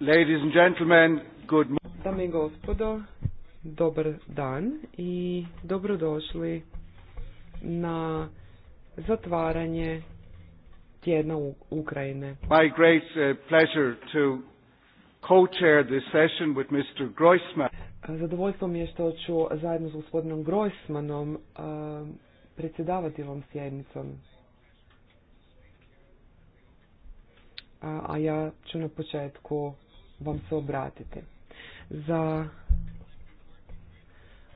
Ladies and gentlemen, good morning. Dame i gospodo, dobar dan i dobrodošli na zatvaranje tjedna Ukrajine. My great uh, pleasure to co-chair this session with Mr. Groisman. Zadovoljstvo mi je što ću zajedno s gospodinom Groismanom uh, predsjedavati ovom sjednicom. a ja ću na početku vam se obratiti. Za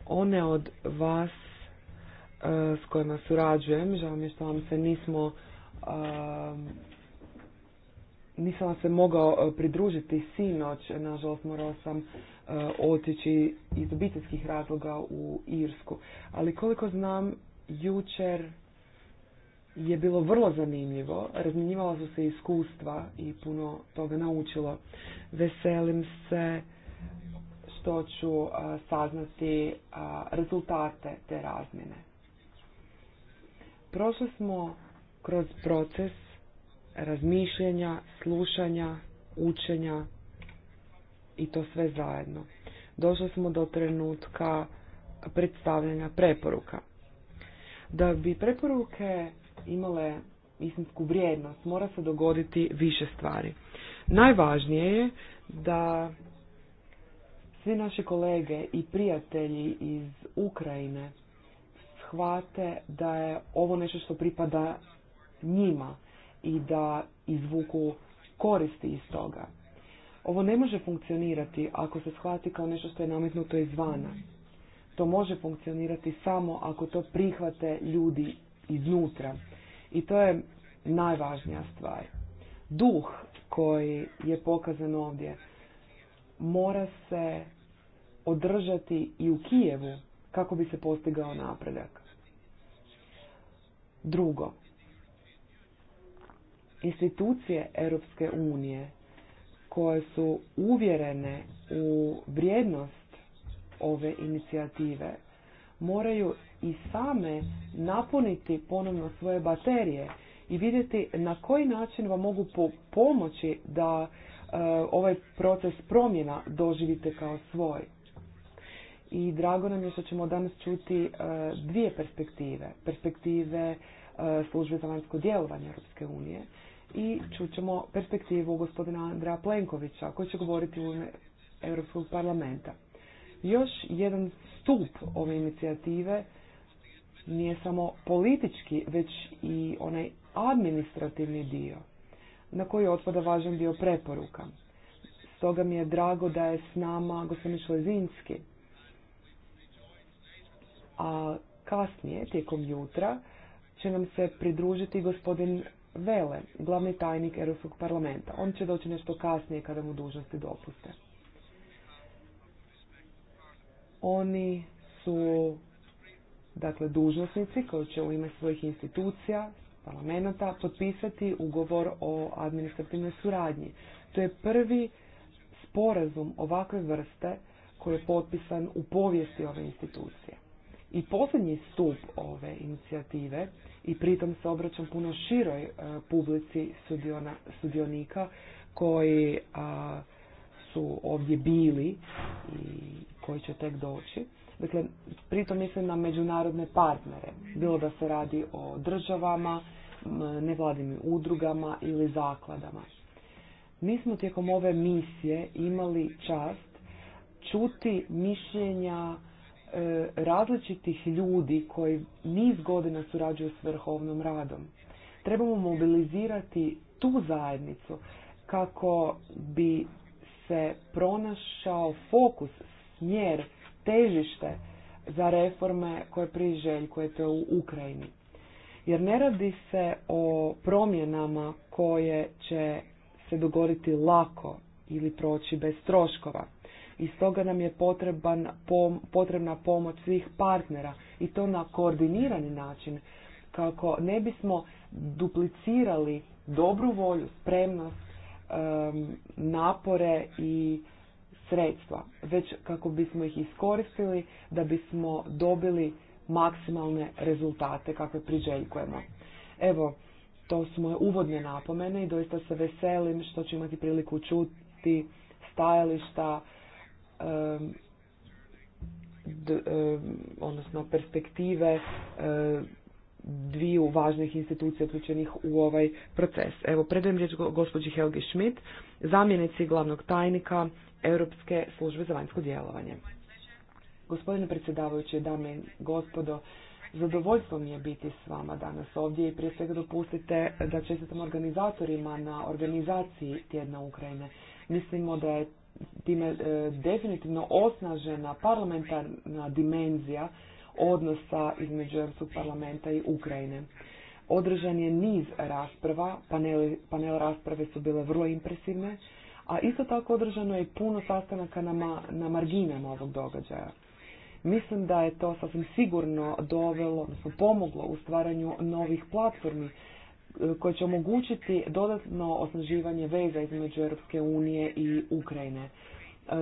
one od vas e, s kojima surađujem, žao mi je što vam se nismo e, nisam vam se mogao e, pridružiti sinoć, nažalost morao sam otići iz obiteljskih razloga u Irsku. Ali koliko znam, jučer je bilo vrlo zanimljivo, razmjenjivala su se iskustva i puno toga naučilo. Veselim se što ću saznati rezultate te razmjene. Prošli smo kroz proces razmišljanja, slušanja, učenja i to sve zajedno. Došli smo do trenutka predstavljanja preporuka. Da bi preporuke imale istinsku vrijednost, mora se dogoditi više stvari. Najvažnije je da svi naši kolege i prijatelji iz Ukrajine shvate da je ovo nešto što pripada njima i da izvuku koristi iz toga. Ovo ne može funkcionirati ako se shvati kao nešto što je nametnuto izvana. To može funkcionirati samo ako to prihvate ljudi iznutra. I to je najvažnija stvar. Duh koji je pokazan ovdje mora se održati i u Kijevu kako bi se postigao napredak. Drugo, institucije Europske unije koje su uvjerene u vrijednost ove inicijative moraju i same napuniti ponovno svoje baterije i vidjeti na koji način vam mogu pomoći da e, ovaj proces promjena doživite kao svoj. I drago nam je što ćemo danas čuti e, dvije perspektive. Perspektive e, službe za vanjsko djelovanje Europske unije i čućemo perspektivu gospodina Andreja Plenkovića koji će govoriti u ime Europskog parlamenta. Još jedan stup ove inicijative nije samo politički, već i onaj administrativni dio na koji otpada važan dio preporuka. Stoga mi je drago da je s nama gospodin Šlezinski. A kasnije, tijekom jutra, će nam se pridružiti gospodin Vele, glavni tajnik Europskog parlamenta. On će doći nešto kasnije kada mu dužnosti dopuste. Oni su dakle dužnosnici koji će u ime svojih institucija, parlamenta potpisati ugovor o administrativnoj suradnji. To je prvi sporazum ovakve vrste koji je potpisan u povijesti ove institucije. I posljednji stup ove inicijative, i pritom se obraćam puno široj e, publici sudiona, sudionika koji su ovdje bili i koji će tek doći. Dakle, pritom mislim na međunarodne partnere, bilo da se radi o državama, nevladinim udrugama ili zakladama. Mi smo tijekom ove misije imali čast čuti mišljenja e, različitih ljudi koji niz godina surađuju s vrhovnom radom. Trebamo mobilizirati tu zajednicu kako bi se pronašao fokus smjer, težište za reforme koje to u Ukrajini. Jer ne radi se o promjenama koje će se dogoditi lako ili proći bez troškova. I stoga nam je potreban, potrebna pomoć svih partnera i to na koordinirani način kako ne bismo duplicirali dobru volju, spremnost, napore i sredstva, već kako bismo ih iskoristili da bismo dobili maksimalne rezultate kakve priželjkujemo. Evo, to su moje uvodne napomene i doista se veselim što ću imati priliku čuti stajališta odnosno perspektive dviju važnih institucija uključenih u ovaj proces. Evo, predajem riječ gospođi Helgi Schmidt, zamjenici glavnog tajnika Europske službe za vanjsko djelovanje. Gospodine predsjedavajući, dame i gospodo, zadovoljstvo mi je biti s vama danas ovdje i prije svega dopustite da čestitam organizatorima na organizaciji Tjedna Ukrajine. Mislimo da je time e, definitivno osnažena parlamentarna dimenzija odnosa između Europskog parlamenta i Ukrajine. Održan je niz rasprava, panel, panel rasprave su bile vrlo impresivne, a isto tako održano je puno sastanaka na, ma, na marginama ovog događaja. Mislim da je to sasvim sigurno dovelo, odnosno pomoglo u stvaranju novih platformi e, koje će omogućiti dodatno osnaživanje veza između Europske unije i Ukrajine. E,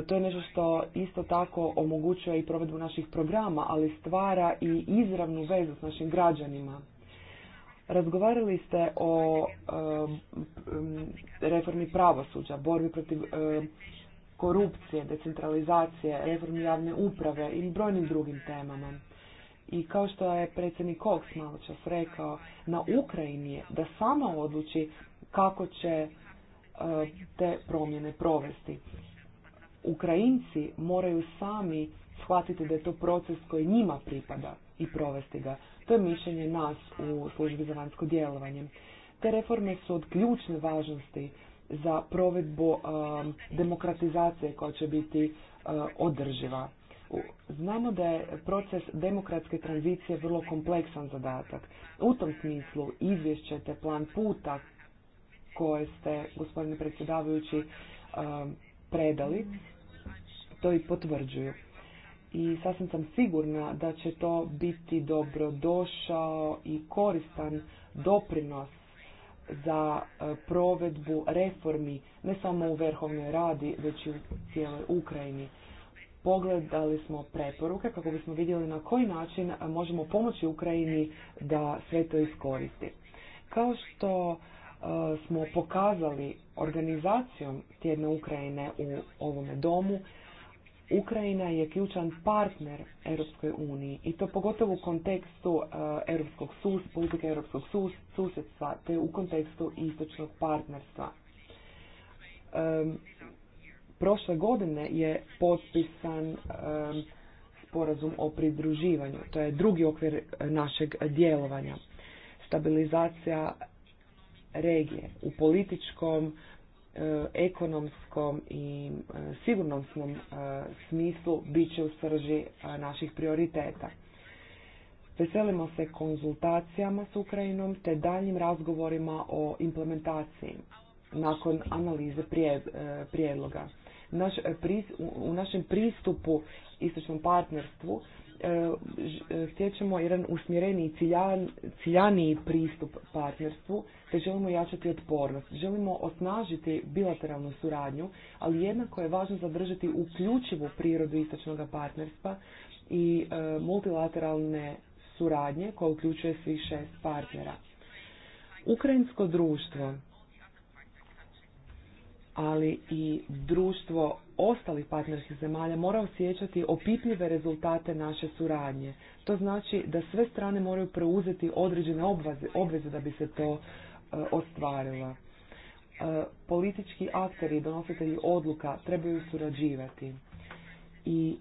to je nešto što isto tako omogućuje i provedbu naših programa, ali stvara i izravnu vezu s našim građanima Razgovarali ste o reformi pravosuđa, borbi protiv korupcije, decentralizacije, reformi javne uprave i brojnim drugim temama. I kao što je predsjednik Cox malo čas rekao, na Ukrajini je da sama odluči kako će te promjene provesti. Ukrajinci moraju sami shvatiti da je to proces koji njima pripada i provesti ga. To je mišljenje nas u službi za vanjsko djelovanje. Te reforme su od ključne važnosti za provedbu demokratizacije koja će biti održiva. Znamo da je proces demokratske tranzicije vrlo kompleksan zadatak. U tom smislu izvješće te plan puta koje ste, gospodine predsjedavajući, predali, to i potvrđuju i sasvim sam sigurna da će to biti dobrodošao i koristan doprinos za e, provedbu reformi ne samo u Verhovnoj radi, već i u cijeloj Ukrajini. Pogledali smo preporuke kako bismo vidjeli na koji način možemo pomoći Ukrajini da sve to iskoristi. Kao što e, smo pokazali organizacijom Tjedna Ukrajine u ovome domu, Ukrajina je ključan partner Europskoj uniji i to pogotovo u kontekstu e, europskog sus, politike europskog sus, susjedstva te u kontekstu istočnog partnerstva. Um, prošle godine je potpisan e, sporazum o pridruživanju. To je drugi okvir našeg djelovanja. Stabilizacija regije u političkom, E, ekonomskom i e, sigurnosnom e, smislu bit će u srži naših prioriteta. Veselimo se konzultacijama s Ukrajinom te daljnjim razgovorima o implementaciji nakon analize prijedloga. u našem pristupu istočnom partnerstvu E, e, htjet ćemo jedan usmjereniji, ciljaniji pristup partnerstvu, te želimo jačati otpornost. Želimo osnažiti bilateralnu suradnju, ali jednako je važno zadržati uključivu prirodu istočnog partnerstva i e, multilateralne suradnje koja uključuje svih šest partnera. Ukrajinsko društvo ali i društvo ostalih partnerskih zemalja mora osjećati opipljive rezultate naše suradnje. To znači da sve strane moraju preuzeti određene obveze, obveze da bi se to e, ostvarilo. E, politički akteri i donositelji odluka trebaju surađivati i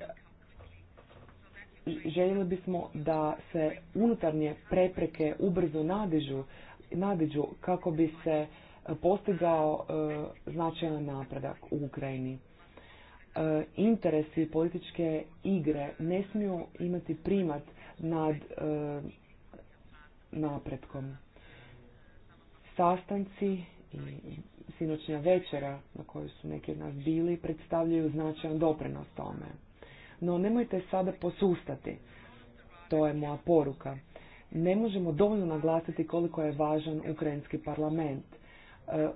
željeli bismo da se unutarnje prepreke ubrzo nadižu, nadiđu kako bi se postigao e, značajan napredak u Ukrajini. E, interesi političke igre ne smiju imati primat nad e, napredkom. Sastanci i sinoćnja večera na kojoj su neki od nas bili predstavljaju značajan doprinos tome. No nemojte sada posustati. To je moja poruka. Ne možemo dovoljno naglasiti koliko je važan ukrajinski parlament E,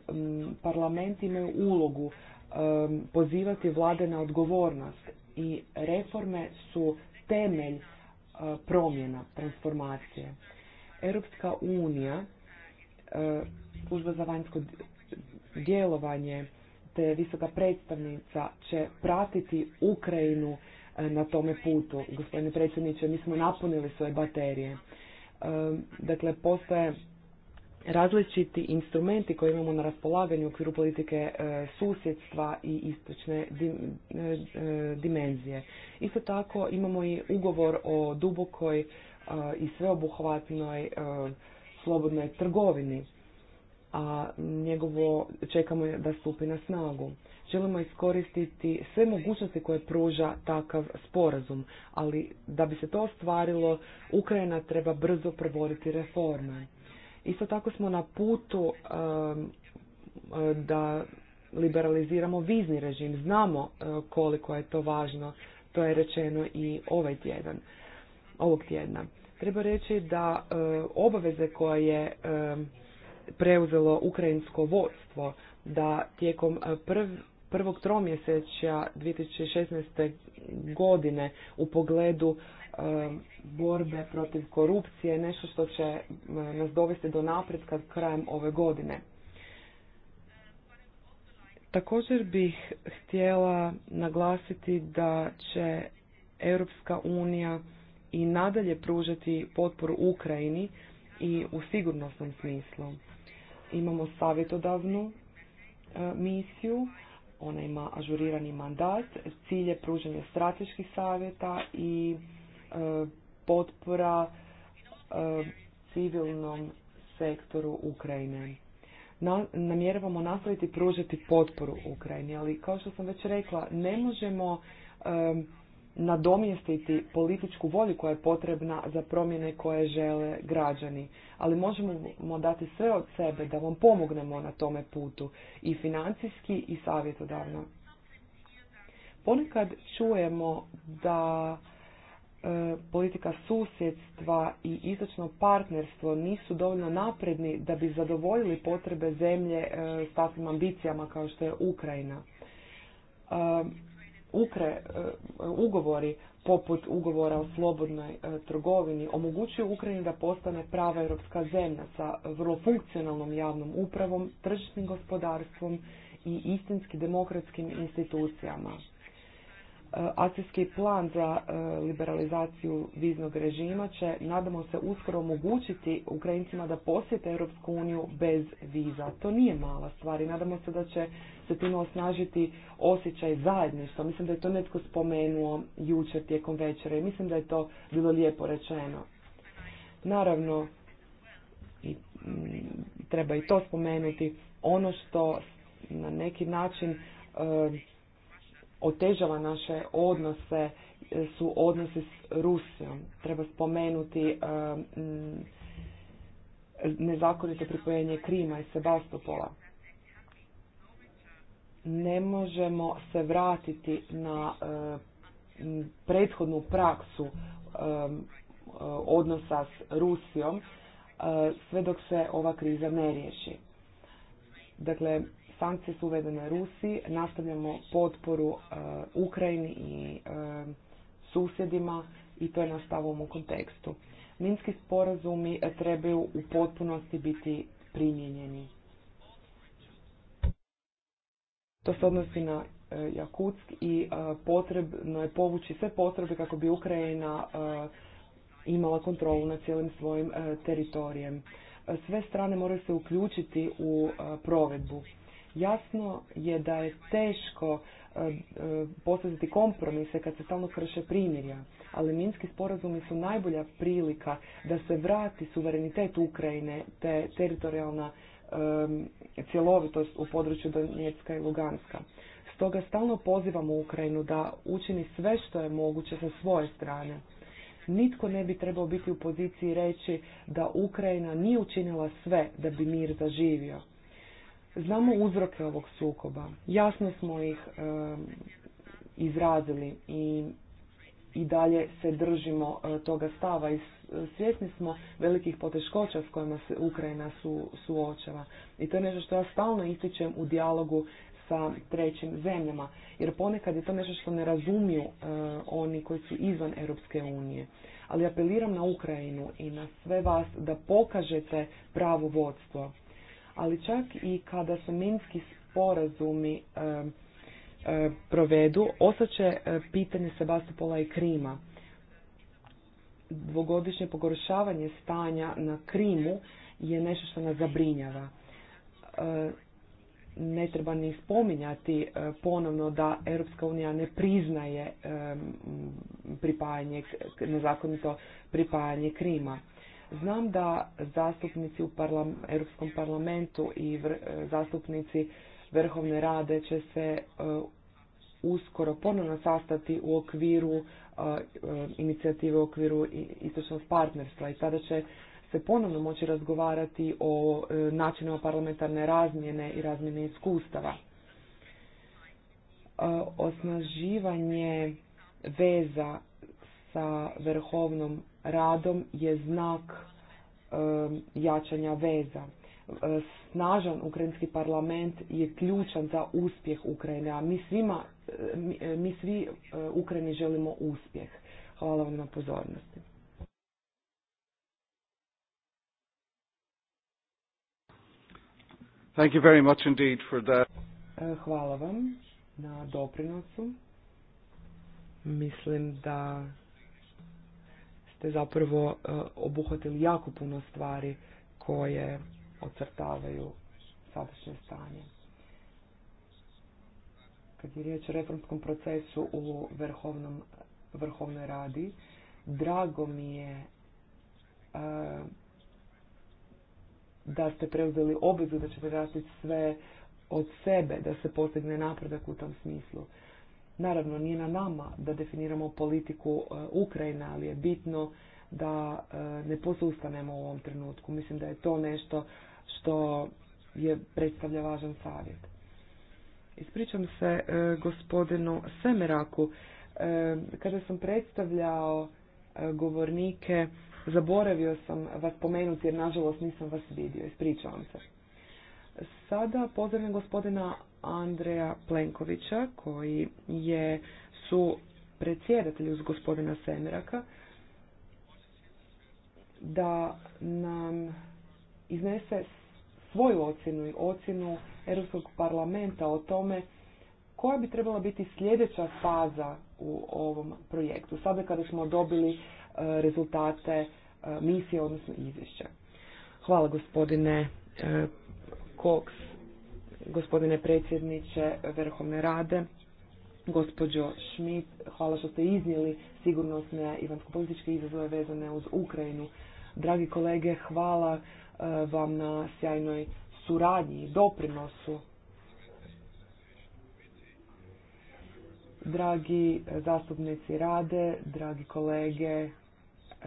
parlament imaju ulogu e, pozivati vlade na odgovornost i reforme su temelj e, promjena, transformacije. Europska unija, služba za vanjsko djelovanje te visoka predstavnica će pratiti Ukrajinu na tome putu. Gospodine predsjedniče, mi smo napunili svoje baterije. Dakle, postoje različiti instrumenti koje imamo na raspolaganju u okviru politike e, susjedstva i istočne e, e, dimenzije. Isto tako imamo i ugovor o dubokoj i sveobuhvatnoj slobodnoj trgovini, a njegovo čekamo da stupi na snagu. Želimo iskoristiti sve mogućnosti koje pruža takav sporazum, ali da bi se to ostvarilo, Ukrajina treba brzo provoditi reforme Isto tako smo na putu da liberaliziramo vizni režim. Znamo e, koliko je to važno. To je rečeno i ovaj tjedan, ovog tjedna. Treba reći da e, obaveze koje je preuzelo ukrajinsko vodstvo da tijekom e, prv, prvog tromjesečja 2016. godine u pogledu E, borbe protiv korupcije nešto što će e, nas dovesti do napretka krajem ove godine. Također bih htjela naglasiti da će Europska unija i nadalje pružati potporu Ukrajini i u sigurnosnom smislu. Imamo savjetodavnu e, misiju, ona ima ažurirani mandat, cilj je pružanje strateških savjeta i E, potpora e, civilnom sektoru Ukrajine. Na, namjeravamo nastaviti pružiti potporu Ukrajini, ali kao što sam već rekla, ne možemo e, nadomjestiti političku volju koja je potrebna za promjene koje žele građani, ali možemo dati sve od sebe da vam pomognemo na tome putu i financijski i savjetodavno. Ponekad čujemo da E, politika susjedstva i istočno partnerstvo nisu dovoljno napredni da bi zadovoljili potrebe zemlje e, s takvim ambicijama kao što je Ukrajina. E, Ukre, ugovori poput ugovora o slobodnoj trgovini omogućuju Ukrajini da postane prava europska zemlja sa vrlo funkcionalnom javnom upravom, tržišnim gospodarstvom i istinski demokratskim institucijama. E, akcijski plan za e, liberalizaciju viznog režima će, nadamo se, uskoro omogućiti Ukrajincima da posjete Europsku uniju bez viza. To nije mala stvar i nadamo se da će se time osnažiti osjećaj zajedništva. Mislim da je to netko spomenuo jučer tijekom večera i mislim da je to bilo lijepo rečeno. Naravno, i, mm, treba i to spomenuti, ono što na neki način e, otežava naše odnose e, su odnosi s Rusijom. Treba spomenuti e, nezakonito pripojenje Krima i Sebastopola. Ne možemo se vratiti na e, prethodnu praksu odnosa s Rusijom sve dok se ova kriza ne riješi. Dakle, Sankcije su uvedene Rusiji, nastavljamo potporu e, Ukrajini i e, susjedima i to je naš stav u kontekstu. Minski sporazumi trebaju u potpunosti biti primijenjeni. To se odnosi na e, Jakutsk i potrebno je povući sve potrebe kako bi Ukrajina imala kontrolu nad cijelim svojim teritorijem. Sve strane moraju se uključiti u provedbu. Jasno je da je teško e, e, postaviti kompromise kad se stalno krše primirja, ali minski sporazumi su najbolja prilika da se vrati suverenitet Ukrajine te teritorijalna cjelovitost u području Donjetska i Luganska. Stoga stalno pozivamo Ukrajinu da učini sve što je moguće sa svoje strane. Nitko ne bi trebao biti u poziciji reći da Ukrajina nije učinila sve da bi mir zaživio. Znamo uzroke ovog sukoba, jasno smo ih e, izrazili i, i dalje se držimo e, toga stava i svjesni smo velikih poteškoća s kojima se Ukrajina su, suočava. I to je nešto što ja stalno ističem u dijalogu sa trećim zemljama, jer ponekad je to nešto što ne razumiju e, oni koji su izvan Europske unije. Ali apeliram na Ukrajinu i na sve vas da pokažete pravo vodstvo ali čak i kada se minski sporazumi provedu, ostaće e, pitanje Sebastopola i Krima. Dvogodišnje pogoršavanje stanja na Krimu je nešto što nas zabrinjava. E, ne treba ni spominjati e, ponovno da Europska unija ne priznaje pripajanje, nezakonito pripajanje Krima. Znam da zastupnici u Europskom parlamentu i zastupnici Vrhovne rade će se e, uskoro ponovno sastati u okviru e, e, inicijative u okviru istočnog partnerstva i tada će se ponovno moći razgovarati o načinima parlamentarne razmjene i razmjene iskustava. Osnaživanje veza sa Vrhovnom radom je znak jačanja veza. E, snažan ukrajinski parlament je ključan za uspjeh Ukrajine, a mi, svima, e, mi svi e, Ukrajini želimo uspjeh. Hvala vam na pozornosti. Thank you very much indeed for that. Hvala vam na doprinosu. Mislim da te zapravo e, obuhvatili jako puno stvari koje ocrtavaju sadašnje stanje. Kad je riječ o reformskom procesu u Vrhovnom, Vrhovnoj radi, drago mi je e, da ste preuzeli obvezu da ćete raditi sve od sebe da se postigne napredak u tom smislu. Naravno, nije na nama da definiramo politiku e, Ukrajine, ali je bitno da e, ne posustanemo u ovom trenutku. Mislim da je to nešto što je predstavlja važan savjet. Ispričam se e, gospodinu Semeraku. Kada sam predstavljao govornike, zaboravio sam vas pomenuti jer nažalost nisam vas vidio. Ispričavam se. Sada pozdravljam gospodina Andreja Plenkovića koji je su predsjedatelj uz gospodina Semeraka da nam iznese svoju ocjenu i ocjenu Europskog parlamenta o tome koja bi trebala biti sljedeća faza u ovom projektu, sada kada smo dobili e, rezultate e, misije, odnosno izvješća. Hvala gospodine e, Cox gospodine predsjedniče Vrhovne rade, gospođo Schmidt, hvala što ste iznijeli sigurnosne i političke izazove vezane uz Ukrajinu. Dragi kolege, hvala e, vam na sjajnoj suradnji i doprinosu. Dragi zastupnici rade, dragi kolege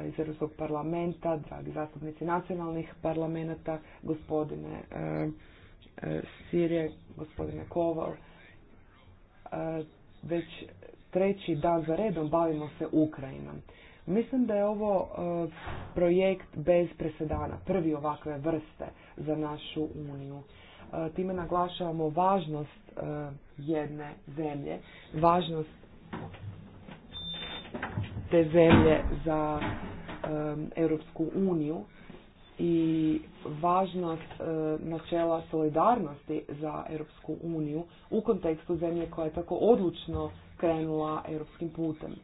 iz Europskog parlamenta, dragi zastupnici nacionalnih parlamenta, gospodine e, E, Sirije, gospodine Kovar, e, već treći dan za redom bavimo se Ukrajinom. Mislim da je ovo e, projekt bez presedana, prvi ovakve vrste za našu Uniju. Time naglašavamo važnost jedne zemlje, važnost te zemlje za Europsku uniju i važnost e, načela solidarnosti za Europsku uniju u kontekstu zemlje koja je tako odlučno krenula europskim putem.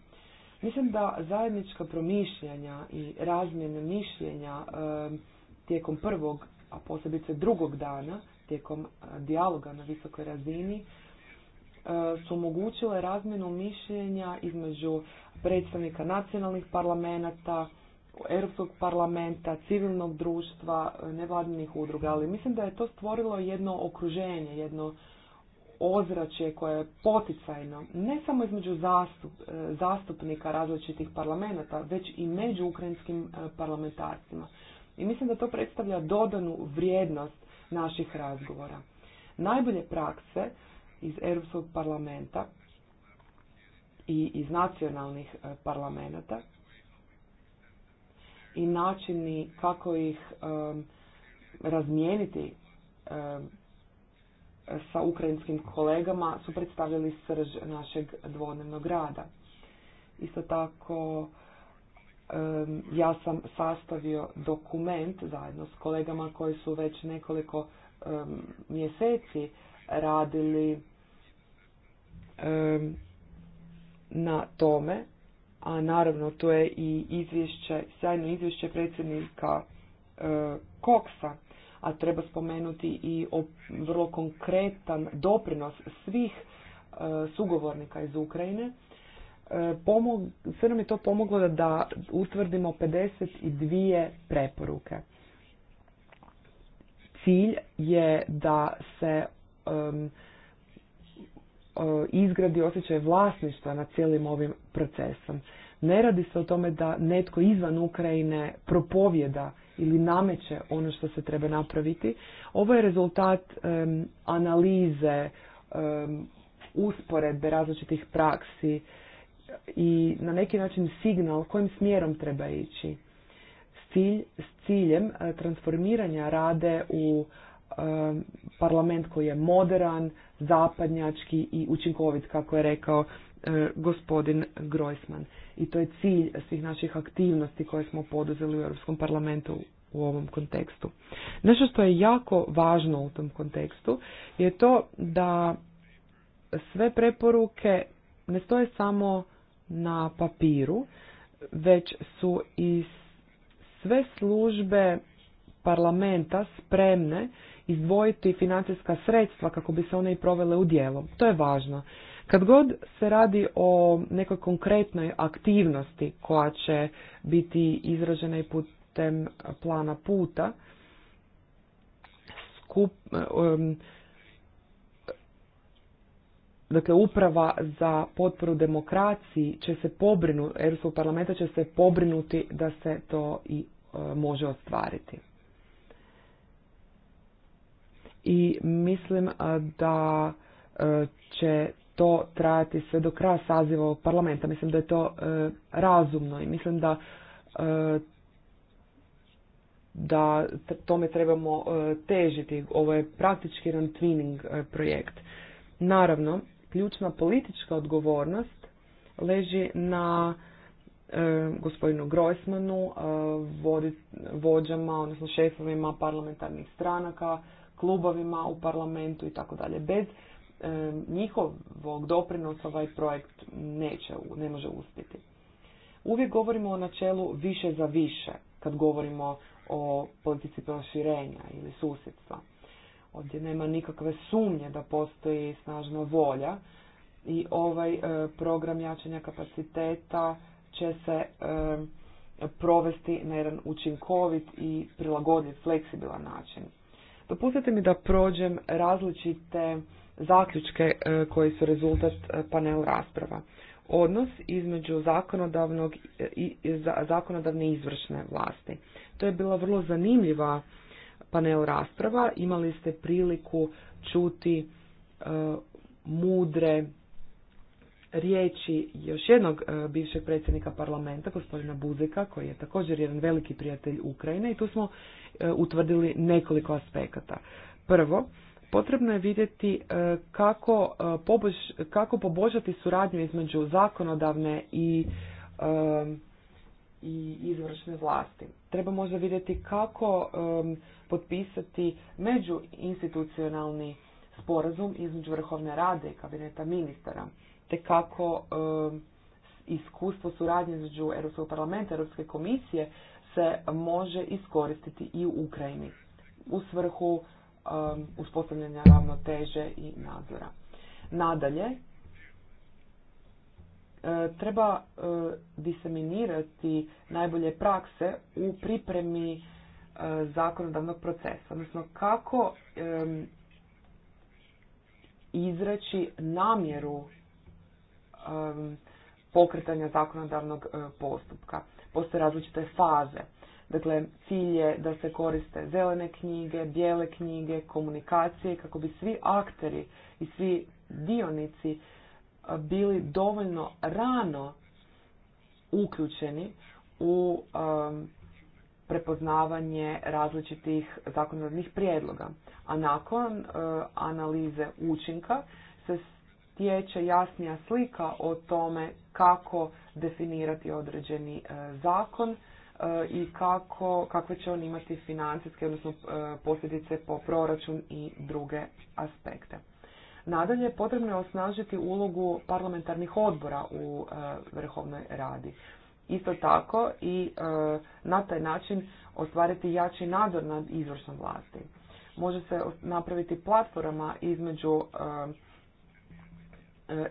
Mislim da zajednička promišljanja i razmjena mišljenja e, tijekom prvog, a posebice drugog dana, tijekom e, dijaloga na visokoj razini, su omogućile razmjenu mišljenja između predstavnika nacionalnih parlamenta, Europskog parlamenta, civilnog društva, nevladinih udruga, ali mislim da je to stvorilo jedno okruženje, jedno ozračje koje je poticajno, ne samo između zastup, e, zastupnika različitih parlamenta, već i među ukrajinskim e, parlamentarcima. I mislim da to predstavlja dodanu vrijednost naših razgovora. Najbolje prakse iz Europskog parlamenta i iz nacionalnih e, parlamenta i načini kako ih razmijeniti sa ukrajinskim kolegama su predstavljali srž našeg dvodnevnog rada. Isto tako ja sam sastavio dokument zajedno s kolegama koji su već nekoliko mjeseci radili na tome a naravno to je i izvješće, sjajno izvješće predsjednika Koksa, e, a treba spomenuti i vrlo konkretan doprinos svih e, sugovornika iz Ukrajine. E, pomog, sve nam je to pomoglo da, da utvrdimo 52 preporuke. Cilj je da se izgradi osjećaj vlasništva nad cijelim ovim procesom. Ne radi se o tome da netko izvan Ukrajine propovjeda ili nameće ono što se treba napraviti. Ovo je rezultat analize, usporedbe različitih praksi i na neki način signal kojim smjerom treba ići. s ciljem e, transformiranja rade u Um, parlament koji je moderan, zapadnjački i učinkovit, kako je rekao uh, gospodin Grojsman. I to je cilj svih naših aktivnosti koje smo poduzeli u Europskom parlamentu u ovom kontekstu. Nešto što je jako važno u tom kontekstu je to da sve preporuke ne stoje samo na papiru, već su i sve službe parlamenta spremne izdvojiti financijska sredstva kako bi se one i provele u djelo. To je važno. Kad god se radi o nekoj konkretnoj aktivnosti koja će biti izražena i putem plana puta, skup, dakle uprava za potporu demokraciji će se pobrinuti, Europskog parlamenta će se pobrinuti da se to i e, može ostvariti i mislim da e, će to trajati sve do kraja saziva ovog parlamenta. Mislim da je to e, razumno i mislim da e, da tome trebamo težiti. Ovo je praktički jedan twinning projekt. Naravno, ključna politička odgovornost leži na gospodinu Grojsmanu, e, vođama, odnosno šefovima parlamentarnih stranaka, klubovima u parlamentu i tako dalje. Bez e, njihovog doprinosa ovaj projekt neće, ne može uspjeti. Uvijek govorimo o načelu više za više kad govorimo o politici proširenja ili susjedstva. Ovdje nema nikakve sumnje da postoji snažna volja i ovaj e, program jačanja kapaciteta će se e, provesti na jedan učinkovit i prilagodljiv, fleksibilan način. Dopustite mi da prođem različite zaključke e, koji su rezultat e, panel rasprava. Odnos između zakonodavnog i zakonodavne izvršne vlasti. To je bila vrlo zanimljiva panel rasprava. Imali ste priliku čuti e, mudre riječi još jednog e, bivšeg predsjednika parlamenta, gospodina Buzeka, koji je također jedan veliki prijatelj Ukrajine i tu smo e, utvrdili nekoliko aspekata. Prvo, potrebno je vidjeti e, kako, kako poboljšati suradnju između zakonodavne i, i izvršne vlasti. Treba možda vidjeti kako potpisati međuinstitucionalni sporazum između Vrhovne rade i kabineta ministara te kako iskustvo suradnje između Europskog parlamenta, Europske komisije se može iskoristiti i u Ukrajini u svrhu uspostavljanja ravnoteže i nadzora. Nadalje, e, treba e, diseminirati najbolje prakse u pripremi e, zakonodavnog procesa, odnosno kako izreći namjeru Um, pokretanja zakonodavnog uh, postupka. Postoje različite faze. Dakle, cilj je da se koriste zelene knjige, bijele knjige, komunikacije kako bi svi akteri i svi dionici uh, bili dovoljno rano uključeni u um, prepoznavanje različitih zakonodavnih prijedloga. A nakon uh, analize učinka se stječe jasnija slika o tome kako definirati određeni e, zakon e, i kako, kakve će on imati financijske, odnosno e, posljedice po proračun i druge aspekte. Nadalje, potrebno je osnažiti ulogu parlamentarnih odbora u Vrhovnoj radi. Isto tako i na taj način ostvariti jači nadzor nad izvršnom vlasti. Može se napraviti platforma između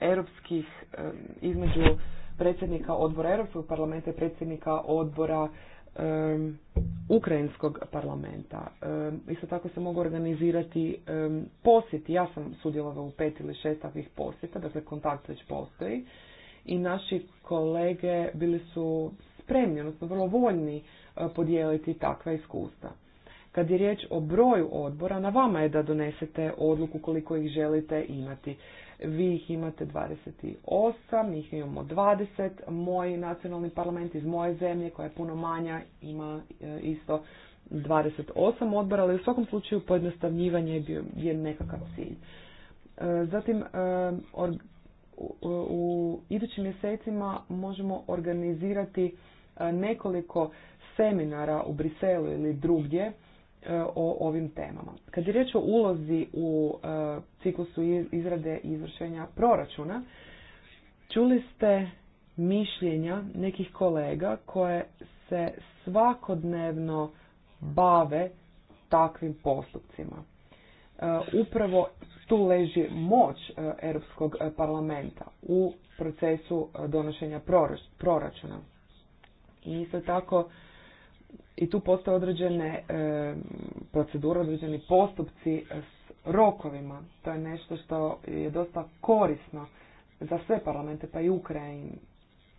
europskih, između predsjednika odbora Europskog parlamenta i predsjednika odbora Ukrajinskog parlamenta. isto tako se mogu organizirati posjeti. Ja sam sudjelovala u pet ili šest takvih posjeta, dakle kontakt već postoji. I naši kolege bili su spremni, odnosno vrlo voljni e, podijeliti takva iskustva. Kad je riječ o broju odbora, na vama je da donesete odluku koliko ih želite imati. Vi ih imate 28, mi ih imamo 20. Moj nacionalni parlament iz moje zemlje, koja je puno manja, ima e, isto 28 odbora, ali u svakom slučaju pojednostavnjivanje je, bio, je nekakav cilj. E, zatim, e, u idućim mjesecima možemo organizirati nekoliko seminara u Briselu ili drugdje E, o ovim temama. Kad je riječ o ulozi u e, ciklusu izrade i izvršenja proračuna, čuli ste mišljenja nekih kolega koje se svakodnevno bave takvim postupcima. E, upravo tu leži moć Europskog parlamenta u procesu donošenja proračuna. I isto tako i tu postoje određene e, procedure, određeni postupci s rokovima. To je nešto što je dosta korisno za sve parlamente, pa i Ukrajin,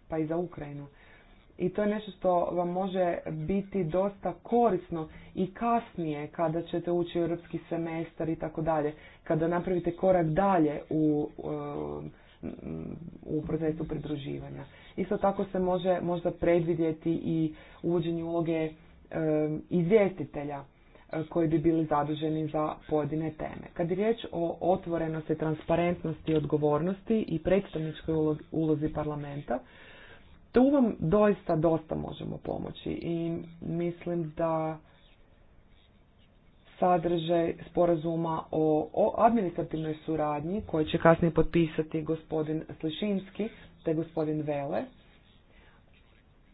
pa i za Ukrajinu. I to je nešto što vam može biti dosta korisno i kasnije kada ćete ući u europski semestar i tako dalje, kada napravite korak dalje u e, u procesu pridruživanja. Isto tako se može možda predvidjeti i uvođenje uloge e, izvjestitelja e, koji bi bili zaduženi za pojedine teme. Kad je riječ o otvorenosti, transparentnosti, odgovornosti i predstavničkoj ulozi parlamenta, tu vam doista dosta možemo pomoći i mislim da sadržaj sporazuma o, administrativnoj suradnji koji će kasnije potpisati gospodin Slišinski te gospodin Vele.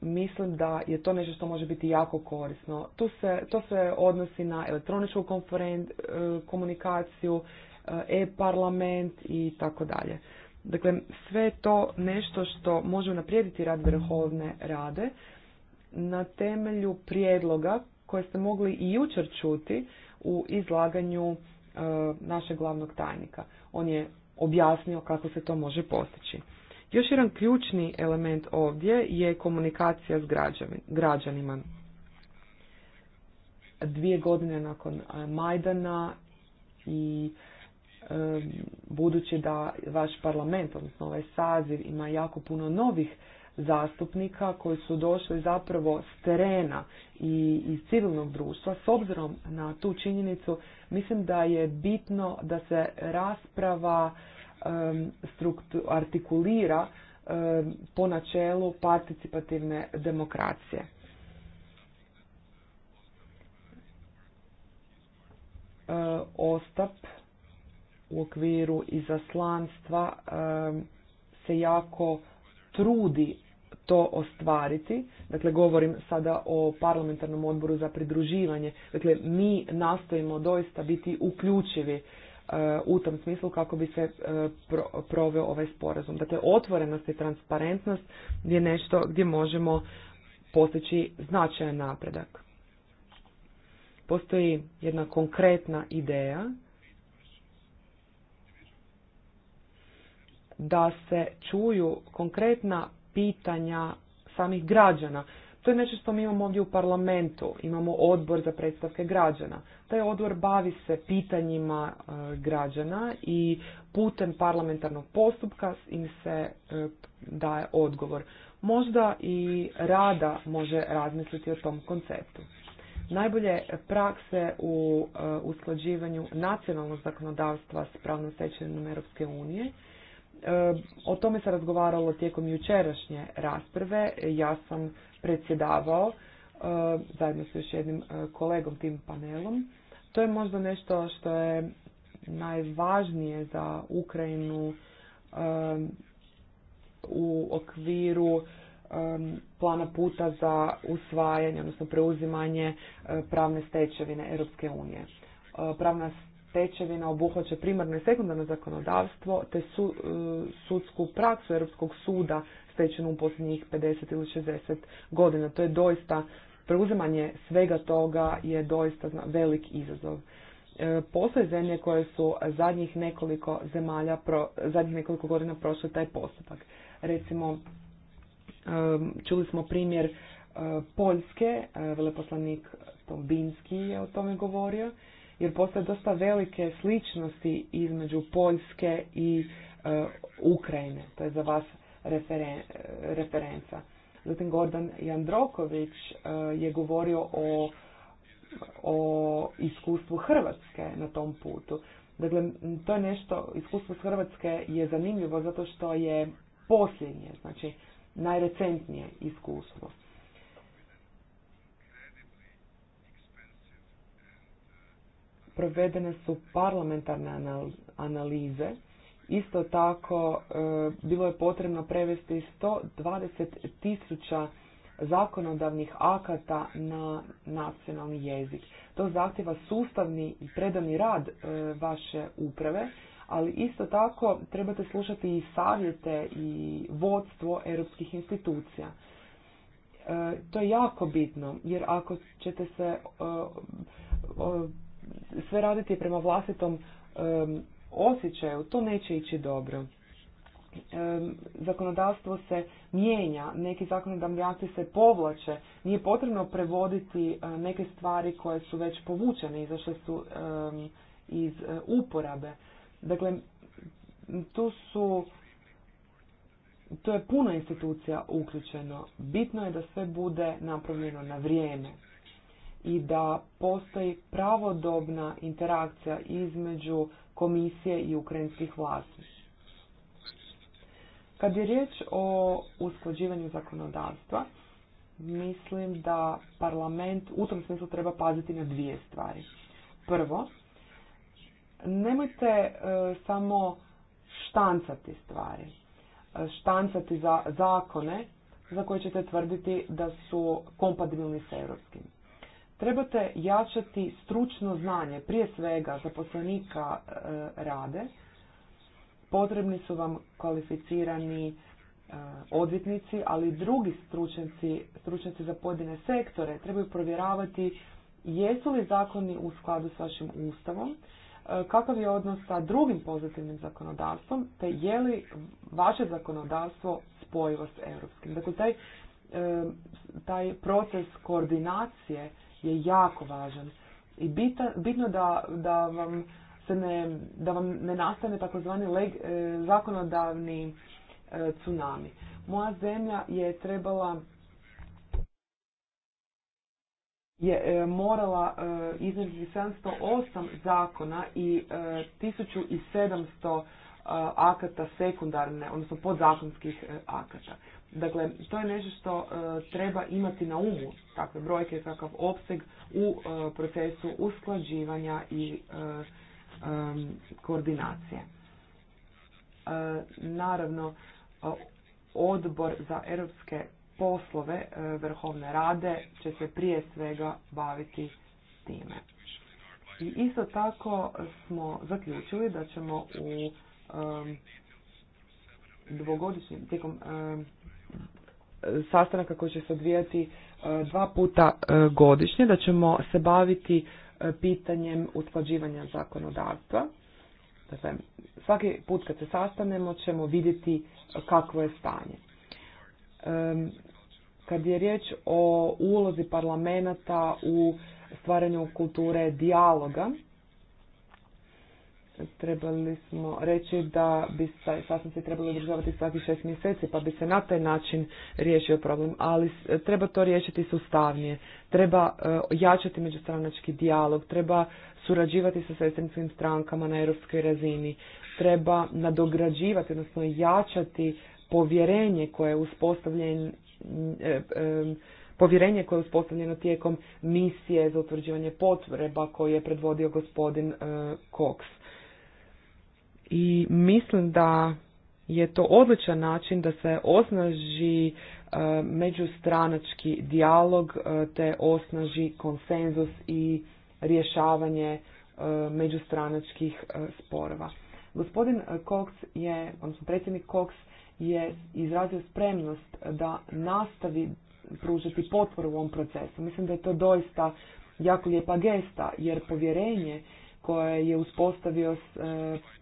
Mislim da je to nešto što može biti jako korisno. se, to se odnosi na elektroničku e, komunikaciju, e, e-parlament i tako dalje. Dakle, sve to nešto što može naprijediti rad vrhovne rade na temelju prijedloga koje ste mogli i jučer čuti u izlaganju e, našeg glavnog tajnika. On je objasnio kako se to može postići. Još jedan ključni element ovdje je komunikacija s građanima. Dvije godine nakon e, Majdana i e, budući da vaš parlament, odnosno ovaj saziv, ima jako puno novih zastupnika koji su došli zapravo s terena i iz civilnog društva. S obzirom na tu činjenicu, mislim da je bitno da se rasprava artikulira po načelu participativne demokracije. E, Ostap u okviru izaslanstva se jako trudi to ostvariti. Dakle, govorim sada o parlamentarnom odboru za pridruživanje. Dakle, mi nastojimo doista biti uključivi e, u tom smislu kako bi se e, proveo ovaj sporazum. Dakle, otvorenost i transparentnost je nešto gdje možemo postići značajan napredak. Postoji jedna konkretna ideja da se čuju konkretna pitanja samih građana. To je nešto što mi imamo ovdje u parlamentu, imamo odbor za predstavke građana. Taj odbor bavi se pitanjima e, građana i putem parlamentarnog postupka im se e, daje odgovor. Možda i rada može razmisliti o tom konceptu. Najbolje prakse u e, usklađivanju nacionalnog zakonodavstva s pravnom stečevinom Europske unije o tome se razgovaralo tijekom jučerašnje rasprave. Ja sam predsjedavao zajedno s još jednim kolegom tim panelom. To je možda nešto što je najvažnije za Ukrajinu u okviru plana puta za usvajanje, odnosno preuzimanje pravne stečevine Europske unije. Pravna stečevina obuhvaća primarno i sekundarno zakonodavstvo te su, e, sudsku praksu Europskog suda stečenu u posljednjih 50 ili 60 godina. To je doista, preuzimanje svega toga je doista velik izazov. E, postoje zemlje koje su zadnjih nekoliko zemalja, pro, zadnjih nekoliko godina prošle taj postupak. Recimo, e, čuli smo primjer Poljske, veleposlanik Tombinski je o tome govorio, jer postoje dosta velike sličnosti između Poljske i e, Ukrajine. To je za vas referenca. Zatim Gordon Jandroković e, je govorio o, o iskustvu Hrvatske na tom putu. Dakle, to je nešto, iskustvo s Hrvatske je zanimljivo zato što je posljednje, znači najrecentnije iskustvo. provedene su parlamentarne analize. Isto tako e, bilo je potrebno prevesti 120 tisuća zakonodavnih akata na nacionalni jezik. To zahtjeva sustavni i predani rad e, vaše uprave, ali isto tako trebate slušati i savjete i vodstvo europskih institucija. E, to je jako bitno, jer ako ćete se sve raditi prema vlastitom osjećaju, to neće ići dobro. Zakonodavstvo se mijenja, neki zakonodavni akti se povlače, nije potrebno prevoditi eh, neke stvari koje su već povučene, izašle su iz eh, uporabe. Dakle, tu su to je puno institucija uključeno. Bitno je da sve bude napravljeno na vrijeme i da postoji pravodobna interakcija između komisije i ukrajinskih vlasti. Kad je riječ o usklađivanju zakonodavstva, mislim da parlament u tom smislu treba paziti na dvije stvari. Prvo, nemojte e, samo štancati stvari, e, štancati za zakone za koje ćete tvrditi da su kompatibilni s europskim trebate jačati stručno znanje, prije svega zaposlenika e, rade, potrebni su vam kvalificirani e, odvjetnici, ali i drugi stručnjaci, za pojedine sektore trebaju provjeravati jesu li zakoni u skladu s vašim ustavom, e, kakav je odnos sa drugim pozitivnim zakonodavstvom, te je li vaše zakonodavstvo spojivo s europskim. Dakle, taj, taj proces koordinacije je jako važan i bitno da, da vam se ne, da vam ne nastane takozvani leg, e, zakonodavni e, tsunami. Moja zemlja je trebala je e, morala e, iznijeti 708 zakona i 1700 akata sekundarne, odnosno podzakonskih akata. Dakle, to je nešto što e, treba imati na umu, takve brojke, kakav opseg u e, procesu usklađivanja i e, koordinacije. Naravno, odbor za europske poslove Vrhovne rade će se prije svega baviti time. I isto tako smo zaključili da ćemo u um, dvogodišnjem, tijekom sastanaka koji će se odvijati e, dva puta e, godišnje, da ćemo se baviti e, pitanjem utvađivanja zakonodavstva. Dakle, svaki put kad se sastanemo ćemo vidjeti kakvo je stanje. Kad je riječ o ulozi parlamenta u stvaranju kulture dijaloga, trebali smo reći da bi sasvim se trebali održavati svaki šest mjeseci, pa bi se na taj način riješio problem, ali treba to riješiti sustavnije. Treba e, jačati međustranački dijalog, treba surađivati sa sestrinskim strankama na europskoj razini, treba nadograđivati, odnosno jačati povjerenje koje je uspostavljen, e, e, povjerenje koje je uspostavljeno tijekom misije za utvrđivanje potreba koje je predvodio gospodin Cox i mislim da je to odličan način da se osnaži e, međustranački dijalog e, te osnaži konsenzus i rješavanje e, međustranačkih sporova. Gospodin Cox je, odnosno predsjednik Cox je izrazio spremnost da nastavi pružati potporu u ovom procesu. Mislim da je to doista jako lijepa gesta jer povjerenje koje je uspostavio s e,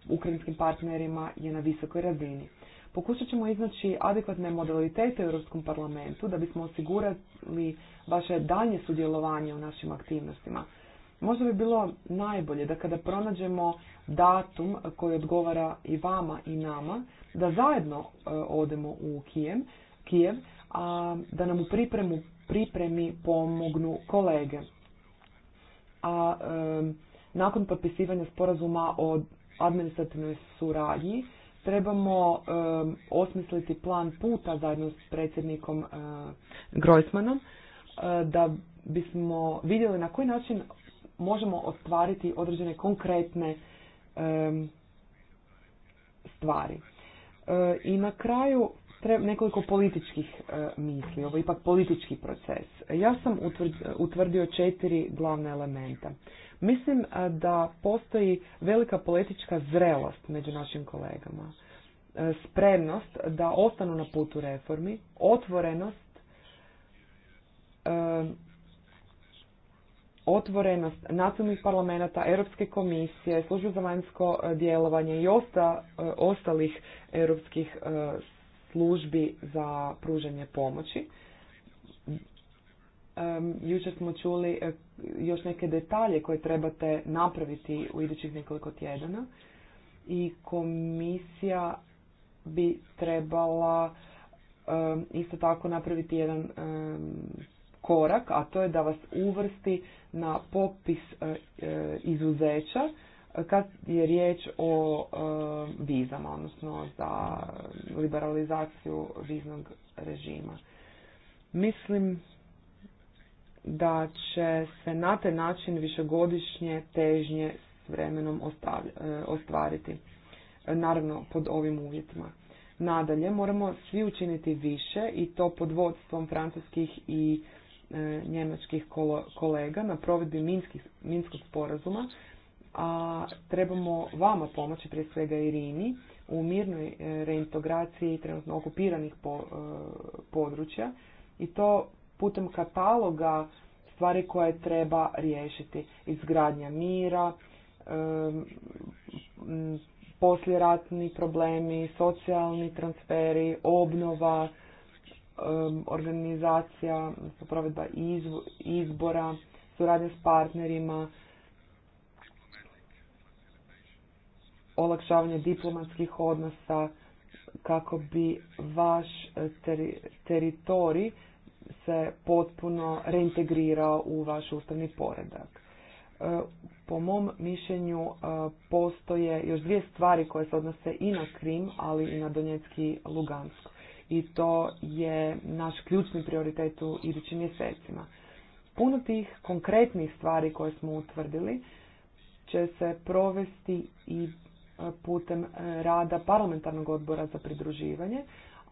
ukrajinskim partnerima je na visokoj razini. Pokušat ćemo iznaći adekvatne modalitete u Europskom parlamentu da bismo osigurali vaše dalje sudjelovanje u našim aktivnostima. Možda bi bilo najbolje da kada pronađemo datum koji odgovara i vama i nama, da zajedno e, odemo u Kijem, Kijev a da nam u pripremu, pripremi pomognu kolege. A nakon potpisivanja sporazuma o administrativnoj suradnji trebamo osmisliti plan puta zajedno s predsjednikom e, Grojsmanom da bismo vidjeli na koji način možemo ostvariti određene konkretne stvari. E, I na kraju nekoliko političkih e, misli. Ovo je ipak politički proces. Ja sam utvrdio četiri glavne elementa. Mislim da postoji velika politička zrelost među našim kolegama. Spremnost da ostanu na putu reformi, otvorenost otvorenost nacionalnih parlamenta, Europske komisije, službe za vanjsko djelovanje i osta, ostalih europskih službi za pružanje pomoći jučer smo čuli e, još neke detalje koje trebate napraviti u idućih nekoliko tjedana i komisija bi trebala isto tako napraviti jedan korak, a to je da vas uvrsti na popis e, e, izuzeća kad je riječ o vizama, odnosno za liberalizaciju viznog režima. Mislim da će se na taj način višegodišnje težnje s vremenom e, ostvariti. Naravno, pod ovim uvjetima. Nadalje, moramo svi učiniti više i to pod vodstvom francuskih i e, njemačkih kolega na provedbi Minskog sporazuma, a trebamo vama pomoći, prije svega Irini, u mirnoj e, reintegraciji trenutno okupiranih područja i to putem kataloga stvari koje treba riješiti. Izgradnja mira, posljeratni problemi, socijalni transferi, obnova, organizacija, provedba izbora, suradnja s partnerima, olakšavanje diplomatskih odnosa kako bi vaš eh, teritorij se potpuno reintegrirao u vaš ustavni poredak. E, po mom mišljenju e, postoje još dvije stvari koje se odnose i na Krim, ali i na Donjetski Lugansku. I to je naš ključni prioritet u idućim mjesecima. Puno tih konkretnih stvari koje smo utvrdili će se provesti i e, putem rada parlamentarnog odbora za pridruživanje,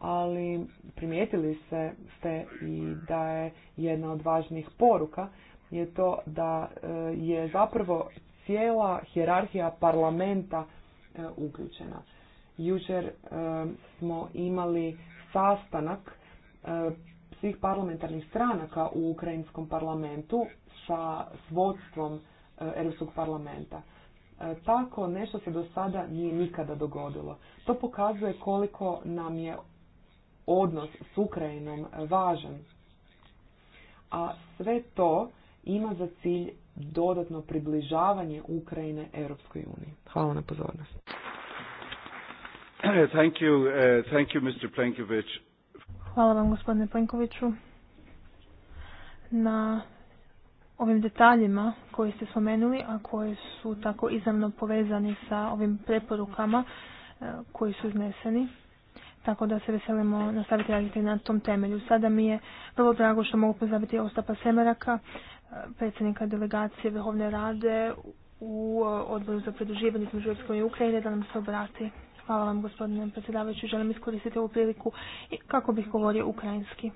ali primijetili se ste i da je jedna od važnijih poruka je to da e, je zapravo cijela hjerarhija parlamenta e, uključena. Jučer e, smo imali sastanak svih parlamentarnih stranaka u Ukrajinskom parlamentu sa svodstvom Europskog parlamenta. Tako nešto se do sada nije nikada dogodilo. To pokazuje koliko nam je odnos s Ukrajinom važan. A sve to ima za cilj dodatno približavanje Ukrajine Europskoj uniji. Hvala na pozornost. Eh, thank you, eh, thank you, Mr. Hvala vam gospodine Plenkoviću na ovim detaljima koje ste spomenuli, a koji su tako izravno povezani sa ovim preporukama eh, koji su izneseni tako da se veselimo nastaviti raditi na tom temelju. Sada mi je vrlo drago što mogu pozabiti Ostapa Semeraka, eh, predsjednika delegacije Vrhovne rade u eh, odboru za preduživanje između i Ukrajine da nam se obrati. Hvala vam gospodine predsjedavajući, želim iskoristiti ovu priliku i kako bih govorio ukrajinski.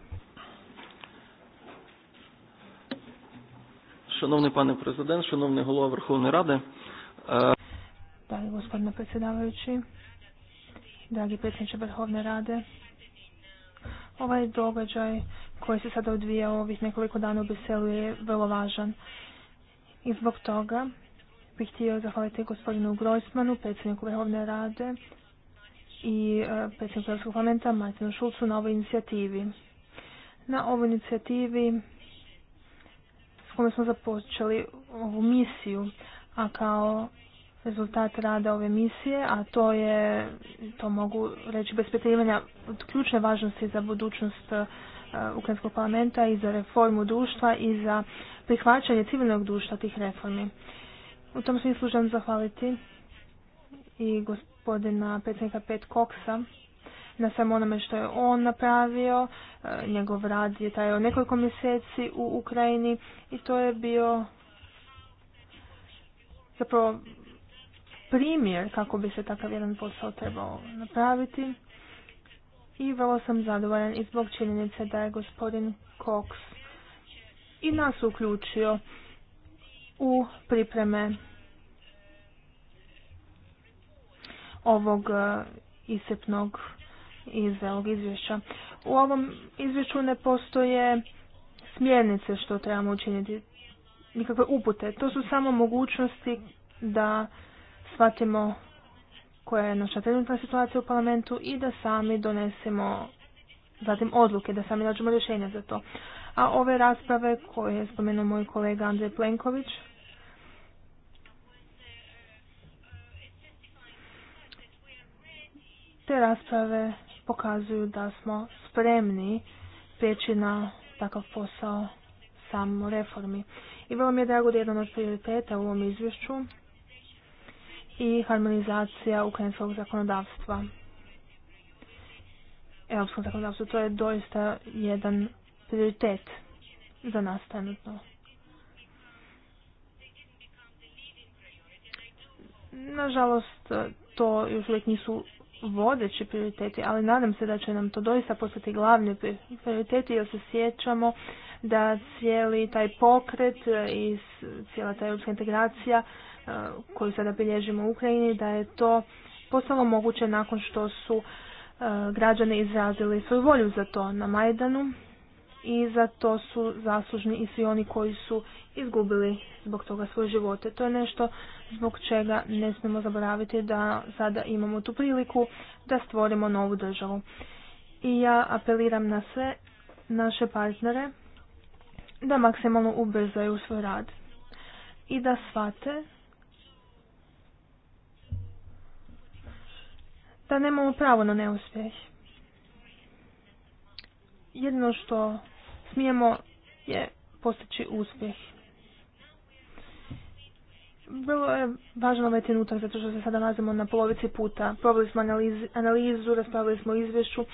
Шановний пане президент, шановний голова Верховної Ради. Da, gospodine dragi predsjedniče Vrhovne rade. Ovaj događaj koji se sada odvija ovih nekoliko dana u Briselu je vrlo važan. I zbog toga bih htio zahvaliti gospodinu Grojsmanu, predsjedniku Vrhovne rade i e, predsjedniku Vrhovnog parlamenta Martinu Šulcu na ovoj inicijativi. Na ovoj inicijativi s smo započeli ovu misiju, a kao rezultat rada ove misije, a to je, to mogu reći bez od ključne važnosti za budućnost e, Ukrajinskog parlamenta i za reformu društva i za prihvaćanje civilnog društva tih reformi. U tom smislu želim zahvaliti i gospodina predsjednika Pet Koksa na samo onome što je on napravio. E, njegov rad je u nekoliko mjeseci u Ukrajini i to je bio zapravo primjer kako bi se takav jedan posao trebao napraviti i vrlo sam zadovoljan i zbog činjenice da je gospodin Cox i nas uključio u pripreme ovog e, isepnog iz ovog izvješća. U ovom izvješću ne postoje smjernice što trebamo učiniti, nikakve upute. To su samo mogućnosti da shvatimo koja je naša trenutna situacija u parlamentu i da sami donesemo zatim odluke, da sami nađemo rješenja za to. A ove rasprave koje je spomenuo moj kolega Andrej Plenković, te rasprave pokazuju da smo spremni prijeći na takav posao samo reformi. I vrlo mi je drago da jedan od prioriteta u ovom izvješću i harmonizacija ukrajinskog zakonodavstva. Europskom zakonodavstvu to je doista jedan prioritet za nas trenutno. Nažalost, to još uvijek nisu vodeći prioriteti, ali nadam se da će nam to doista postati glavni prioriteti jer se sjećamo da cijeli taj pokret i cijela ta europska integracija koju sada bilježimo u Ukrajini, da je to postalo moguće nakon što su e, građani izrazili svoju volju za to na Majdanu i za to su zaslužni i svi oni koji su izgubili zbog toga svoje živote. To je nešto zbog čega ne smemo zaboraviti da sada imamo tu priliku da stvorimo novu državu. I ja apeliram na sve naše partnere da maksimalno ubrzaju svoj rad i da shvate da nemamo pravo na neuspjeh. Jedino što smijemo je postići uspjeh. Bilo je važno ovaj trenutak zato što se sada nalazimo na polovici puta. Probili smo analizu, raspravili smo izvješću,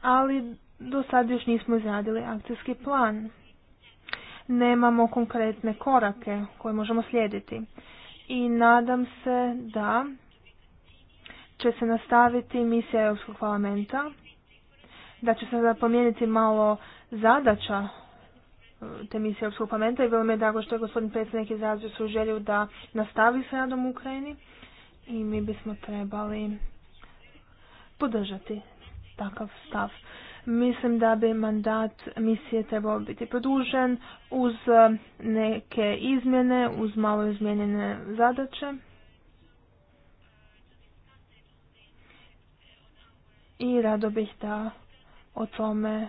ali do sad još nismo izradili akcijski plan. Nemamo konkretne korake koje možemo slijediti. I nadam se da će se nastaviti misija Europskog parlamenta, da će se da promijeniti malo zadaća e, te misije Europskog parlamenta i bilo mi je drago što je gospodin predsjednik izrazio svoju želju da nastavi s radom u Ukrajini i mi bismo trebali podržati takav stav. Mislim da bi mandat misije trebao biti produžen uz e, neke izmjene, uz malo izmijenjene zadaće. i rado bih da o tome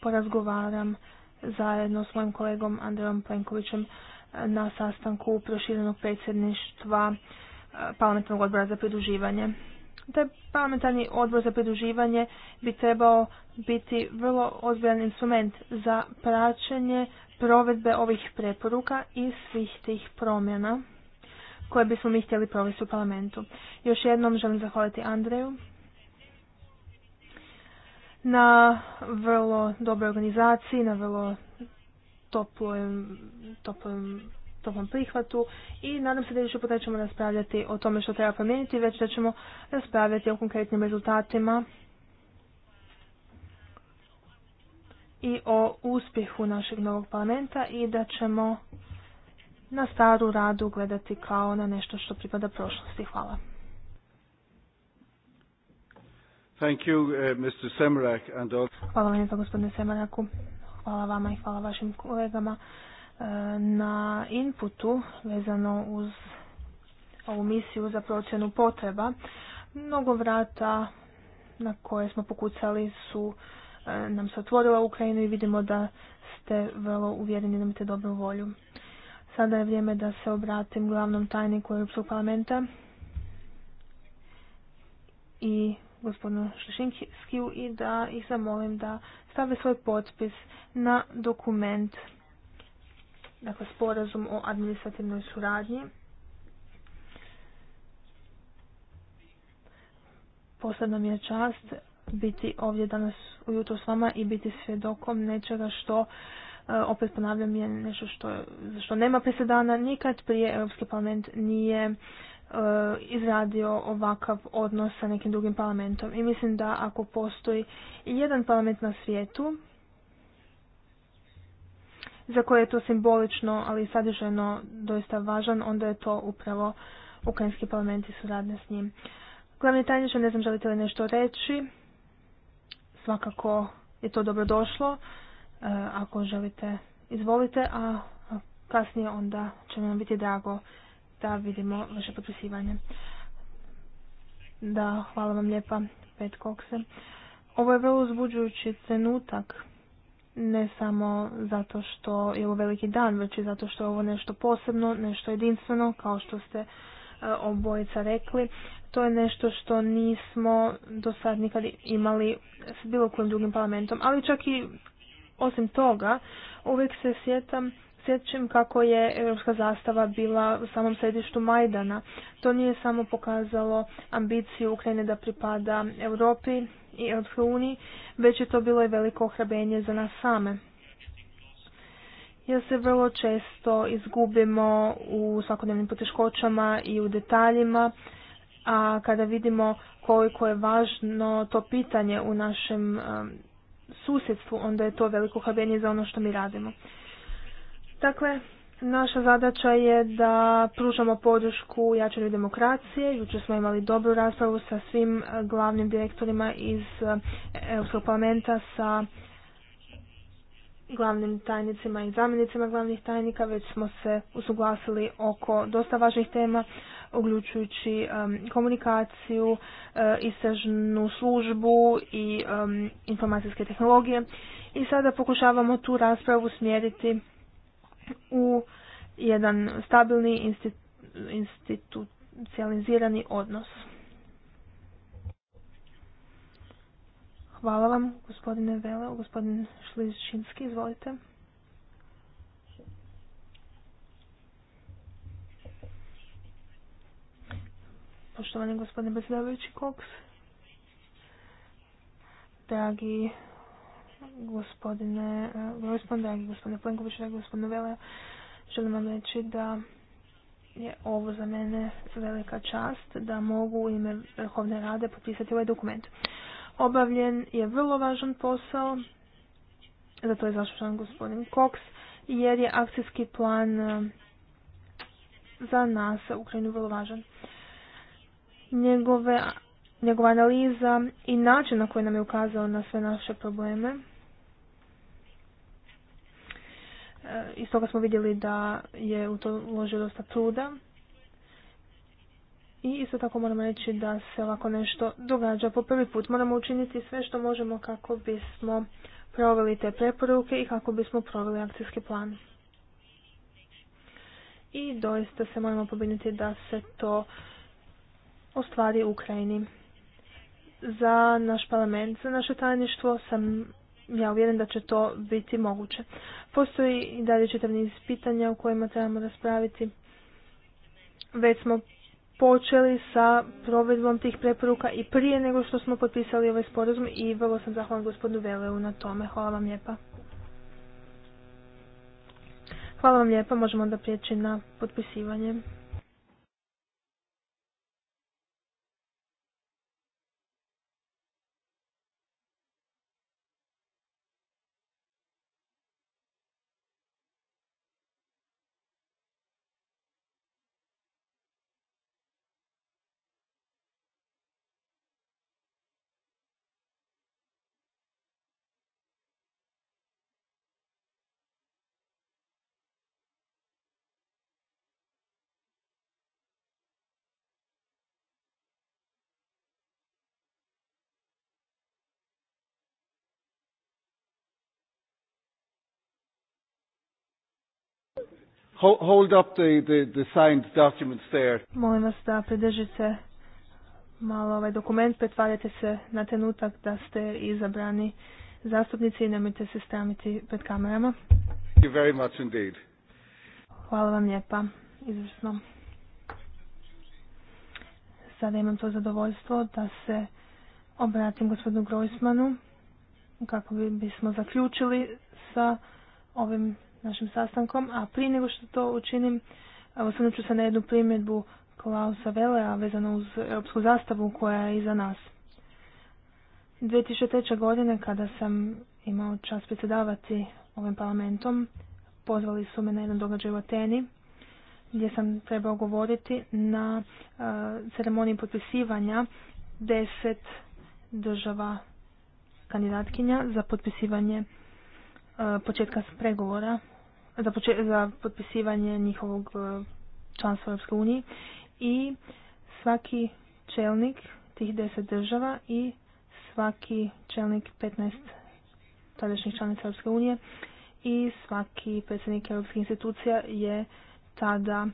porazgovaram zajedno s mojim kolegom Andrejom Plenkovićem na sastanku proširenog predsjedništva e, parlamentarnog odbora za pridruživanje. Taj parlamentarni odbor za pridruživanje bi trebao biti vrlo ozbiljan instrument za praćenje provedbe ovih preporuka i svih tih promjena koje bismo mi htjeli provesti u parlamentu. Još jednom želim zahvaliti Andreju na vrlo dobroj organizaciji, na vrlo toplom, toplom, toplom prihvatu i nadam se da više puta ćemo raspravljati o tome što treba promijeniti, već da ćemo raspravljati o konkretnim rezultatima i o uspjehu našeg novog parlamenta i da ćemo na staru radu gledati kao na nešto što pripada prošlosti. Hvala. Uh, hvala vam lijepa gospodine Semeraku. Hvala vama i hvala vašim kolegama e, na inputu vezano uz ovu misiju za procjenu potreba. Mnogo vrata na koje smo pokucali su e, nam se otvorila u Ukrajinu i vidimo da ste vrlo uvjereni da imate dobru volju. Sada je vrijeme da se obratim glavnom tajniku Europskog parlamenta i gospodinu Šešinskiju i da ih zamolim da stave svoj potpis na dokument, dakle sporazum o administrativnoj suradnji. Posebno mi je čast biti ovdje danas ujutro s vama i biti svjedokom nečega što e, opet ponavljam je nešto što, što nema presedana nikad prije Europski parlament nije Eh, izradio ovakav odnos sa nekim drugim parlamentom. I mislim da ako postoji jedan parlament na svijetu za koje je to simbolično, ali i sadržajno doista važan, onda je to upravo ukrajinski parlament i suradnja s njim. Glavni tajniče, ne znam želite li nešto reći. Svakako je to dobro došlo. Eh, ako želite, izvolite, a kasnije onda će nam biti drago da vidimo vaše potpisivanje. Da, hvala vam lijepa, Pet kokse. Ovo je vrlo uzbuđujući trenutak, ne samo zato što je ovo veliki dan, već i zato što je ovo nešto posebno, nešto jedinstveno, kao što ste e, obojica rekli. To je nešto što nismo do sad nikad imali s bilo kojim drugim parlamentom, ali čak i osim toga, uvijek se sjetam podsjećam kako je europska zastava bila u samom središtu Majdana. To nije samo pokazalo ambiciju Ukrajine da pripada Europi i EU, uniji, već je to bilo i veliko ohrabenje za nas same. Jer se vrlo često izgubimo u svakodnevnim poteškoćama i u detaljima, a kada vidimo koliko je važno to pitanje u našem um, susjedstvu, onda je to veliko ohrabenje za ono što mi radimo. Dakle, naša zadaća je da pružamo podršku jačanju demokracije. Jučer smo imali dobru raspravu sa svim e, glavnim direktorima iz e, Europskog parlamenta, sa glavnim tajnicima i zamjenicima glavnih tajnika, već smo se usuglasili oko dosta važnih tema, uključujući e, komunikaciju, uh, istražnu službu i informacijske tehnologije. I sada pokušavamo tu raspravu smjeriti u jedan stabilni institucionalizirani odnos. Hvala vam, gospodine Vele, gospodin Šlišinski, izvolite. Poštovani gospodine predsjedavajući Koks, dragi gospodine e, dragi gospodine dragi gospodine Vele. Želim vam reći da je ovo za mene velika čast da mogu u ime Vrhovne rade potpisati ovaj dokument. Obavljen je vrlo važan posao, zato je zašušan gospodin Cox, jer je akcijski plan e, za nas u Ukrajinu vrlo važan. Njegove, njegova analiza i način na koji nam je ukazao na sve naše probleme iz toga smo vidjeli da je u to uložio dosta truda. I isto tako moramo reći da se ovako nešto događa po prvi put. Moramo učiniti sve što možemo kako bismo proveli te preporuke i kako bismo proveli akcijski plan. I doista se moramo pobiniti da se to ostvari u Ukrajini. Za naš parlament, za naše tajništvo sam ja uvjeren da će to biti moguće. Postoji i dalje čitav niz pitanja o kojima trebamo raspraviti. Već smo počeli sa provedbom tih preporuka i prije nego što smo potpisali ovaj sporazum i vrlo sam zahvalan gospodinu Veleu na tome. Hvala vam lijepa. Hvala vam lijepa, možemo onda prijeći na potpisivanje. Hold up the, the, the signed documents there. Molim vas da pridržite malo ovaj dokument, pretvarajte se na trenutak da ste izabrani zastupnici i nemojte se stramiti pred kamerama. Thank you very much indeed. Hvala vam lijepa, izvrsno. Sada imam to zadovoljstvo da se obratim gospodinu Grojsmanu kako bi bismo zaključili sa ovim našim sastankom, a prije nego što to učinim, osvrnut ću se na jednu primjedbu Klausa Velea vezano uz europsku zastavu koja je iza nas. 2003. godine kada sam imao čas predsjedavati ovim parlamentom, pozvali su me na jedan događaj u Ateni gdje sam trebao govoriti na e, ceremoniji potpisivanja deset država kandidatkinja za potpisivanje e, početka pregovora za, za potpisivanje njihovog e, članstva Europske unije i svaki čelnik tih deset država i svaki čelnik 15 tadašnjih članica Europske unije i svaki predsjednik europskih institucija je tada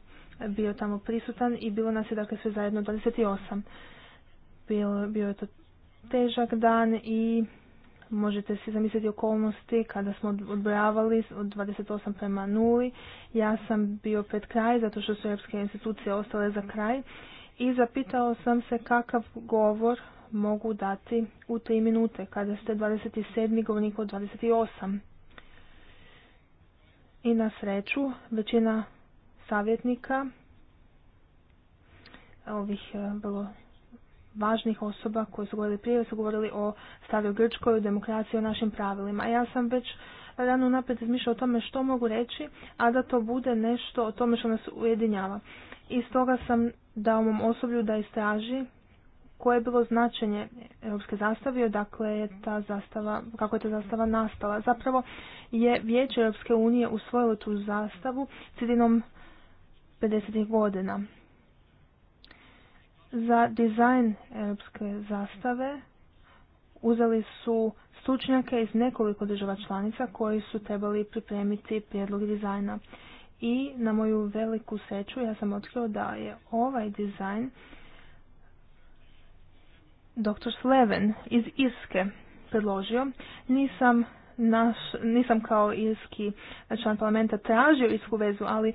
bio tamo prisutan i bilo nas je dakle sve zajedno 28. Bio, bio je to težak dan i Možete si zamisliti okolnosti kada smo odbrojavali od 28 prema 0. Ja sam bio pred kraj zato što su europske institucije ostale za kraj i zapitao sam se kakav govor mogu dati u 3 minute kada ste 27. govornik od 28. I na sreću većina savjetnika ovih eh, vrlo važnih osoba koje su govorili prije, su govorili o staroj Grčkoj, o demokraciji, o našim pravilima. Ja sam već rano naprijed razmišljala o tome što mogu reći, a da to bude nešto o tome što nas ujedinjava. I stoga sam dao mom osoblju da istraži koje je bilo značenje europske zastave, odakle je ta zastava, kako je ta zastava nastala. Zapravo je Vijeće Europske unije usvojilo tu zastavu sredinom 50. godina. Za dizajn europske zastave uzeli su stručnjake iz nekoliko država članica koji su trebali pripremiti prijedlog dizajna. I na moju veliku sreću ja sam otkrio da je ovaj dizajn dr. Sleven iz Iske predložio. Nisam naš, nisam kao irski član parlamenta tražio isku vezu, ali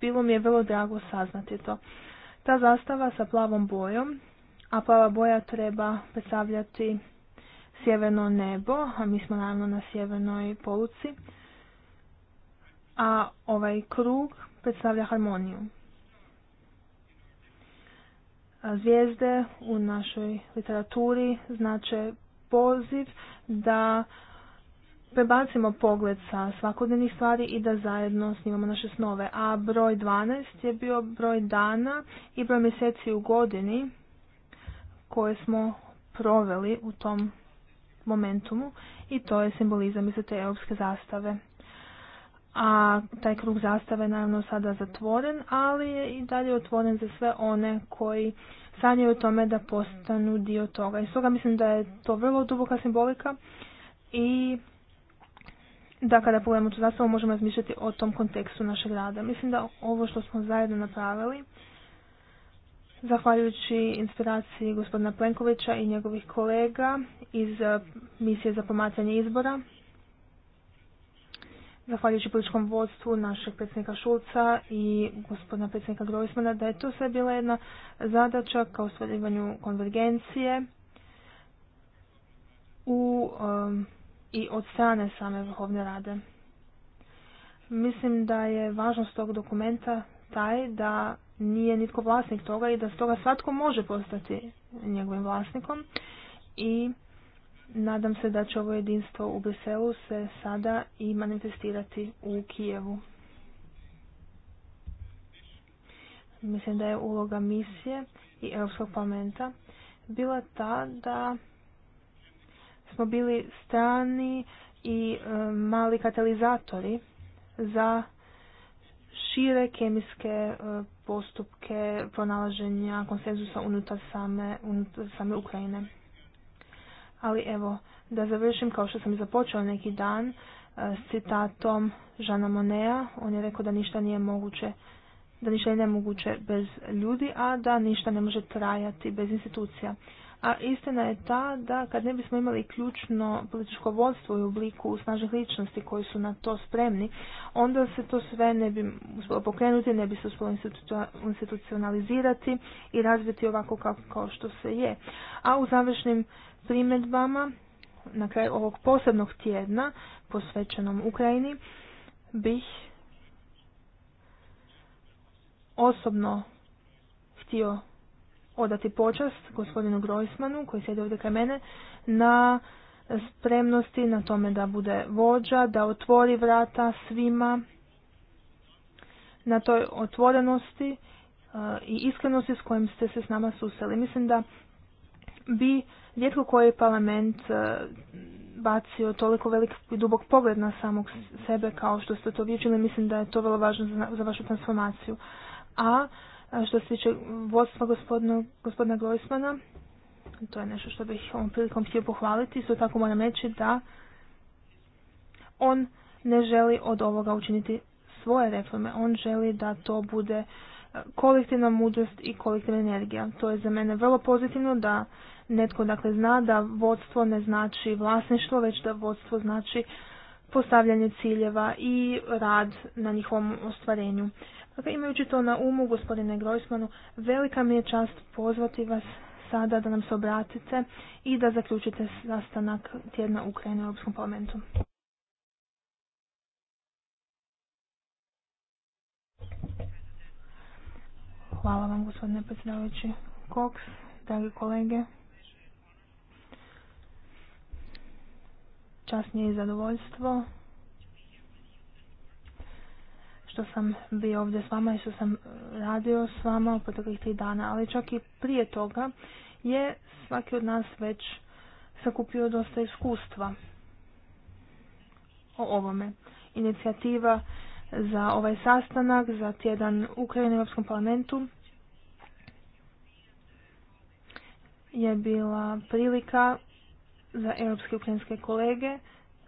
bilo mi je vrlo drago saznati to. Ta zastava sa plavom bojom, a plava boja treba predstavljati sjeverno nebo, a mi smo naravno na sjevernoj poluci, a ovaj krug predstavlja harmoniju. zvijezde u našoj literaturi znače poziv da prebacimo pogled sa svakodnevnih stvari i da zajedno snimamo naše snove. A broj 12 je bio broj dana i broj mjeseci u godini koje smo proveli u tom momentumu i to je simbolizam iz te europske zastave. A taj krug zastave je naravno sada zatvoren, ali je i dalje otvoren za sve one koji sanjaju o tome da postanu dio toga. I stoga mislim da je to vrlo duboka simbolika i da kada pogledamo tu zastavu možemo razmišljati o tom kontekstu našeg rada. Mislim da ovo što smo zajedno napravili, zahvaljujući inspiraciji gospodina Plenkovića i njegovih kolega iz eh, misije za pomacanje izbora, zahvaljujući političkom vodstvu našeg predsjednika Šulca i gospodina predsjednika Grovismana da je to sve bila jedna zadaća kao ostvarivanju konvergencije u eh, i od strane same Vrhovne rade. Mislim da je važnost tog dokumenta taj da nije nitko vlasnik toga i da stoga svatko može postati njegovim vlasnikom i nadam se da će ovo jedinstvo u Briselu se sada i manifestirati u Kijevu. Mislim da je uloga misije i Europskog parlamenta bila ta da smo bili strani i e, mali katalizatori za šire kemijske e, postupke pronalaženja konsenzusa unutar same, unutar same Ukrajine. Ali evo, da završim kao što sam i započeo neki dan e, s citatom Žana Monea, on je rekao da ništa nije moguće da ništa je nemoguće bez ljudi, a da ništa ne može trajati bez institucija a istina je ta da kad ne bismo imali ključno političko vodstvo u obliku snažnih ličnosti koji su na to spremni, onda se to sve ne bi uspjelo pokrenuti, ne bi se uspjelo institucionalizirati i razviti ovako kao što se je. A u završnim primjedbama na kraju ovog posebnog tjedna posvećenom Ukrajini bih osobno htio odati počast gospodinu Grojsmanu koji sjede ovdje kraj mene na spremnosti na tome da bude vođa, da otvori vrata svima na toj otvorenosti e, i iskrenosti s kojim ste se s nama susreli. Mislim da bi rijetko koji parlament e, bacio toliko velik i dubok pogled na samog sebe kao što ste to vječili, Mislim da je to vrlo važno za vašu transformaciju. A što se tiče vodstva gospodina, gospodina to je nešto što bih ovom prilikom htio pohvaliti. Isto tako moram reći da on ne želi od ovoga učiniti svoje reforme. On želi da to bude e, kolektivna mudrost i kolektivna energija. To je za mene vrlo pozitivno da netko dakle zna da vodstvo ne znači vlasništvo, već da vodstvo znači postavljanje ciljeva i rad na njihovom ostvarenju. Dakle, imajući to na umu, gospodine Grojsmanu, velika mi je čast pozvati vas sada da nam se obratite i da zaključite sastanak tjedna Ukrajine u Europskom parlamentu. Hvala vam, gospodine predsjedavajući Koks, dragi kolege. Čast mi je i zadovoljstvo što sam bio ovdje s vama i što sam radio s vama u proteklih tri dana, ali čak i prije toga je svaki od nas već sakupio dosta iskustva o ovome. Inicijativa za ovaj sastanak, za tjedan Ukrajine u Europskom parlamentu je bila prilika za europske ukrajinske kolege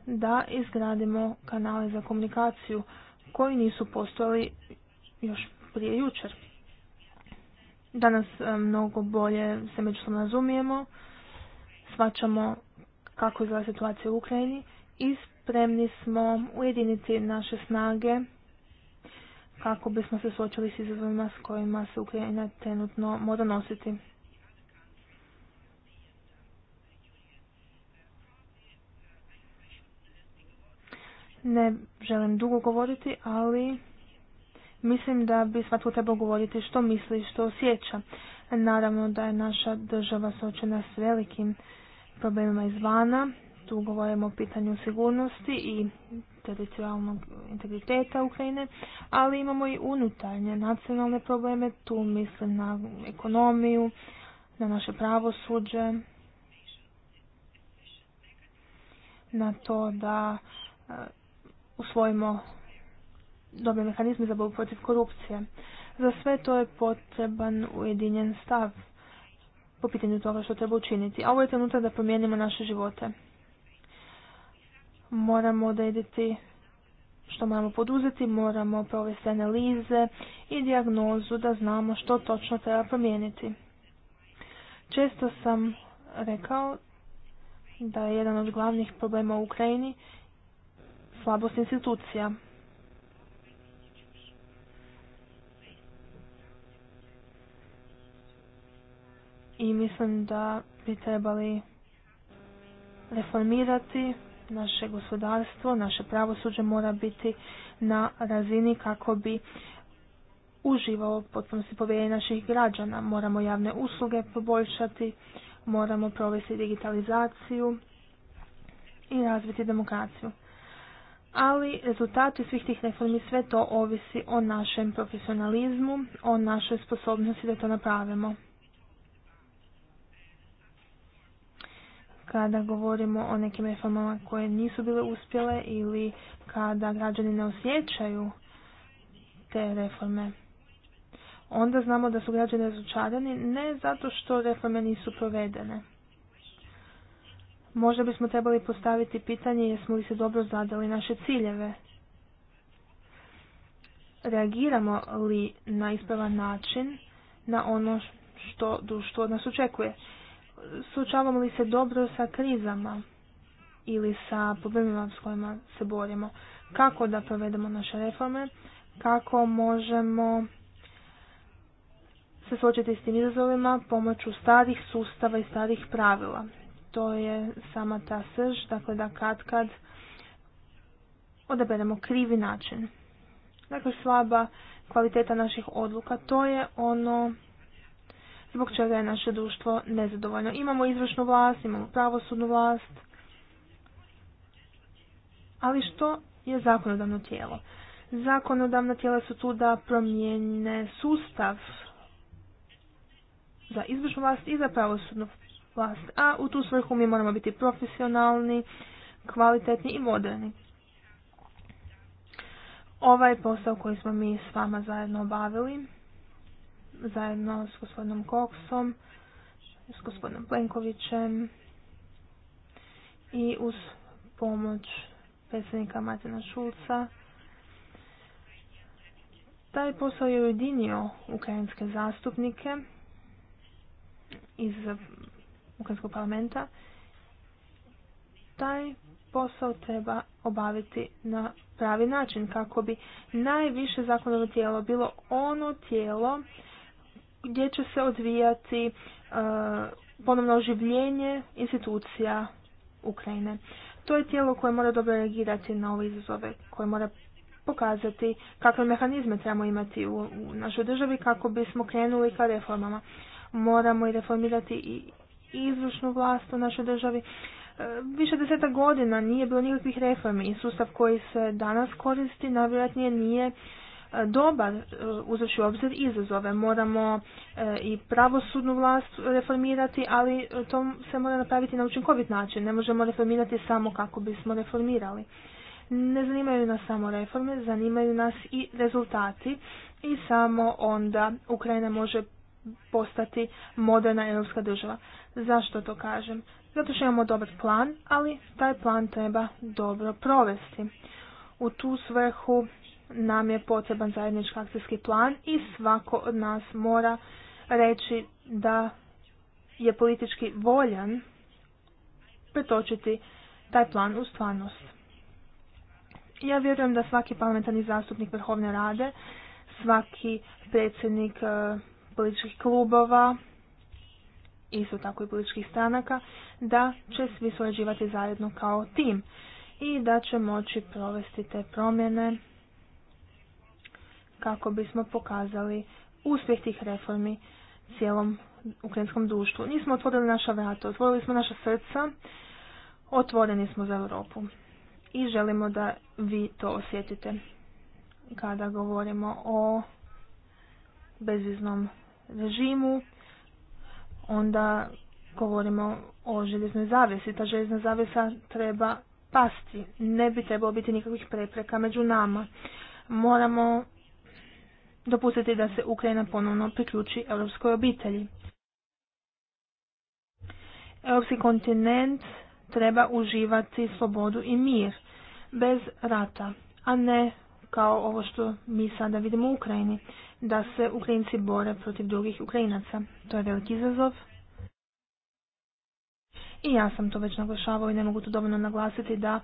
da izgradimo kanale za komunikaciju koji nisu postojali još prije jučer. Danas e, mnogo bolje se međusobno razumijemo, svačamo kako izgleda situacija u Ukrajini i spremni smo ujediniti naše snage kako bismo se suočili s izazovima s kojima se Ukrajina trenutno mora nositi. Ne želim dugo govoriti, ali mislim da bi svatko trebao govoriti što misli, što osjeća. Naravno da je naša država sočena s velikim problemima izvana. Tu govorimo o pitanju sigurnosti i teritorijalnog integriteta Ukrajine, ali imamo i unutarnje nacionalne probleme, tu mislim na ekonomiju, na naše pravosuđe, na to da usvojimo dobre mehanizme za borbu protiv korupcije. Za sve to je potreban ujedinjen stav po pitanju toga što treba učiniti. A ovo je trenutak da promijenimo naše živote. Moramo odrediti što moramo poduzeti, moramo provesti analize i dijagnozu da znamo što točno treba promijeniti. Često sam rekao da je jedan od glavnih problema u Ukrajini slabost institucija. I mislim da bi trebali reformirati naše gospodarstvo, naše pravosuđe mora biti na razini kako bi uživao potpunosti povjerenje naših građana. Moramo javne usluge poboljšati, moramo provesti digitalizaciju i razviti demokraciju ali rezultati svih tih reformi sve to ovisi o našem profesionalizmu, o našoj sposobnosti da to napravimo. Kada govorimo o nekim reformama koje nisu bile uspjele ili kada građani ne osjećaju te reforme, onda znamo da su građani razočarani ne zato što reforme nisu provedene, Možda bismo trebali postaviti pitanje jesmo li se dobro zadali naše ciljeve. Reagiramo li na ispravan način na ono što društvo od nas očekuje? Sučavamo li se dobro sa krizama ili sa problemima s kojima se borimo? Kako da provedemo naše reforme? Kako možemo se suočiti s tim izazovima pomoću starih sustava i starih pravila? to je sama ta srž, dakle da kad kad odaberemo krivi način. Dakle, slaba kvaliteta naših odluka, to je ono zbog čega je naše društvo nezadovoljno. Imamo izvršnu vlast, imamo pravosudnu vlast, ali što je zakonodavno tijelo? Zakonodavna tijela su tu da promijene sustav za izvršnu vlast i za pravosudnu vlast. A u tu svrhu mi moramo biti profesionalni, kvalitetni i moderni. Ovaj posao koji smo mi s vama zajedno obavili, zajedno s gospodinom Koksom, s gospodinom Plenkovićem i uz pomoć predsjednika Martina Šulca, taj posao je ujedinio ukrajinske zastupnike iz Ukrajinskog parlamenta, taj posao treba obaviti na pravi način kako bi najviše zakonodavno tijelo bilo ono tijelo gdje će se odvijati e, ponovno oživljenje institucija Ukrajine. To je tijelo koje mora dobro reagirati na ove izazove, koje mora pokazati kakve mehanizme trebamo imati u, u našoj državi kako bismo krenuli ka reformama. Moramo i reformirati i izvršnu vlast u našoj državi. E, više deseta godina nije bilo nikakvih reformi i sustav koji se danas koristi najvjerojatnije nije e, dobar e, uzreći obzir izazove. Moramo i pravosudnu vlast reformirati, ali to se mora napraviti na učinkovit način. Ne možemo reformirati samo kako bismo reformirali. Ne zanimaju nas samo reforme, zanimaju nas i rezultati i samo onda Ukrajina može postati moderna europska država. Zašto to kažem? Zato što imamo dobar plan, ali taj plan treba dobro provesti. U tu svrhu nam je potreban zajednički akcijski plan i svako od nas mora reći da je politički voljan pretočiti taj plan u stvarnost. Ja vjerujem da svaki parlamentarni zastupnik Vrhovne rade, svaki predsjednik eh, političkih klubova, isto tako i političkih stranaka, da će svi surađivati zajedno kao tim i da će moći provesti te promjene kako bismo pokazali uspjeh tih reformi cijelom ukrajinskom društvu. Nismo otvorili naša vrata, otvorili smo naša srca, otvoreni smo za Europu. I želimo da vi to osjetite kada govorimo o bezviznom režimu, onda govorimo o željeznoj zavjesi. Ta željezna zavjesa treba pasti. Ne bi trebalo biti nikakvih prepreka među nama. Moramo dopustiti da se Ukrajina ponovno priključi europskoj obitelji. Europski kontinent treba uživati slobodu i mir bez rata, a ne kao ovo što mi sada vidimo u Ukrajini da se Ukrajinci bore protiv drugih Ukrajinaca. To je veliki izazov. I ja sam to već naglašavao i ne mogu to dovoljno naglasiti da e,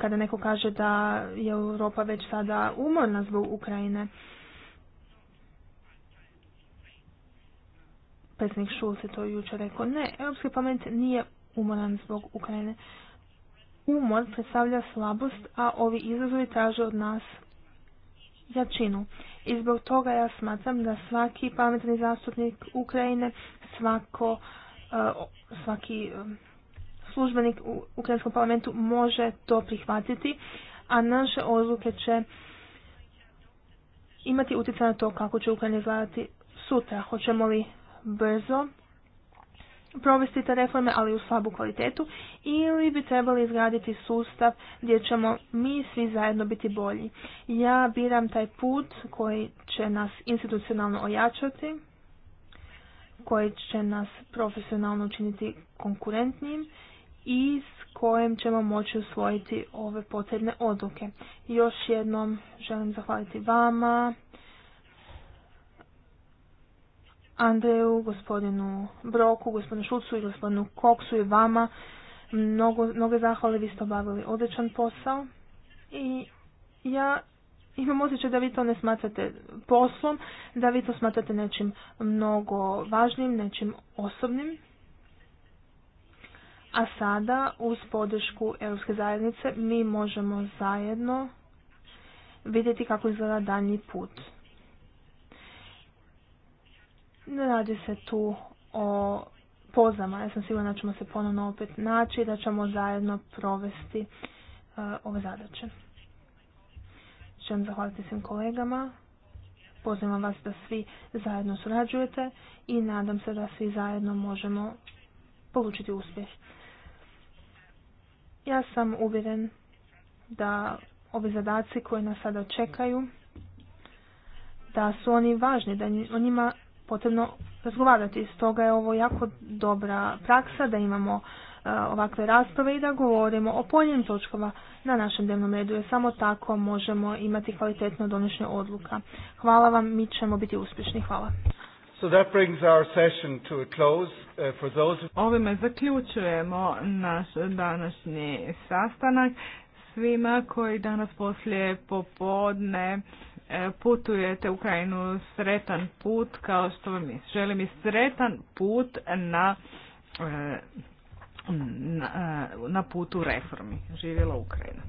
kada neko kaže da je Europa već sada umorna zbog Ukrajine, predsjednik Šulc je to jučer rekao, ne, Europski parlament nije umoran zbog Ukrajine. Umor predstavlja slabost, a ovi izazovi traže od nas jačinu. I zbog toga ja smatram da svaki pametni zastupnik Ukrajine, svako, e, svaki e, službenik u Ukrajinskom parlamentu može to prihvatiti, a naše odluke će imati utjecaj na to kako će Ukrajina izgledati sutra. Hoćemo li brzo provesti te reforme, ali u slabu kvalitetu, ili bi trebali izgraditi sustav gdje ćemo mi svi zajedno biti bolji. Ja biram taj put koji će nas institucionalno ojačati, koji će nas profesionalno učiniti konkurentnim i s kojim ćemo moći usvojiti ove potrebne odluke. Još jednom želim zahvaliti vama, Andreju, gospodinu Broku, gospodinu Šucu i gospodinu Koksu i vama. Mnogo, mnoge zahvale, vi ste obavili odličan posao i ja imam osjećaj da vi to ne smatrate poslom, da vi to smatrate nečim mnogo važnim, nečim osobnim. A sada, uz podršku Europske zajednice, mi možemo zajedno vidjeti kako izgleda daljnji put. Ne radi se tu o pozama. Ja sam sigurna da ćemo se ponovno opet naći i da ćemo zajedno provesti e, ove zadaće. Želim zahvaliti svim kolegama. Pozivam vas da svi zajedno surađujete i nadam se da svi zajedno možemo polučiti uspjeh. Ja sam uvjeren da ovi zadaci koji nas sada čekaju, da su oni važni, da o njima potrebno razgovarati. Stoga je ovo jako dobra praksa da imamo e, ovakve rasprave i da govorimo o pojedinim točkama na našem dnevnom redu, jer samo tako možemo imati kvalitetno donošenje odluka. Hvala vam, mi ćemo biti uspješni. Hvala. So that brings our session to a close. Uh, for those... Ovime zaključujemo naš današnji sastanak. Svima koji danas poslije popodne E, putujete u Ukrajinu sretan put, kao što vam želim i sretan put na, e, na, e, na putu reformi. Živjela Ukrajina.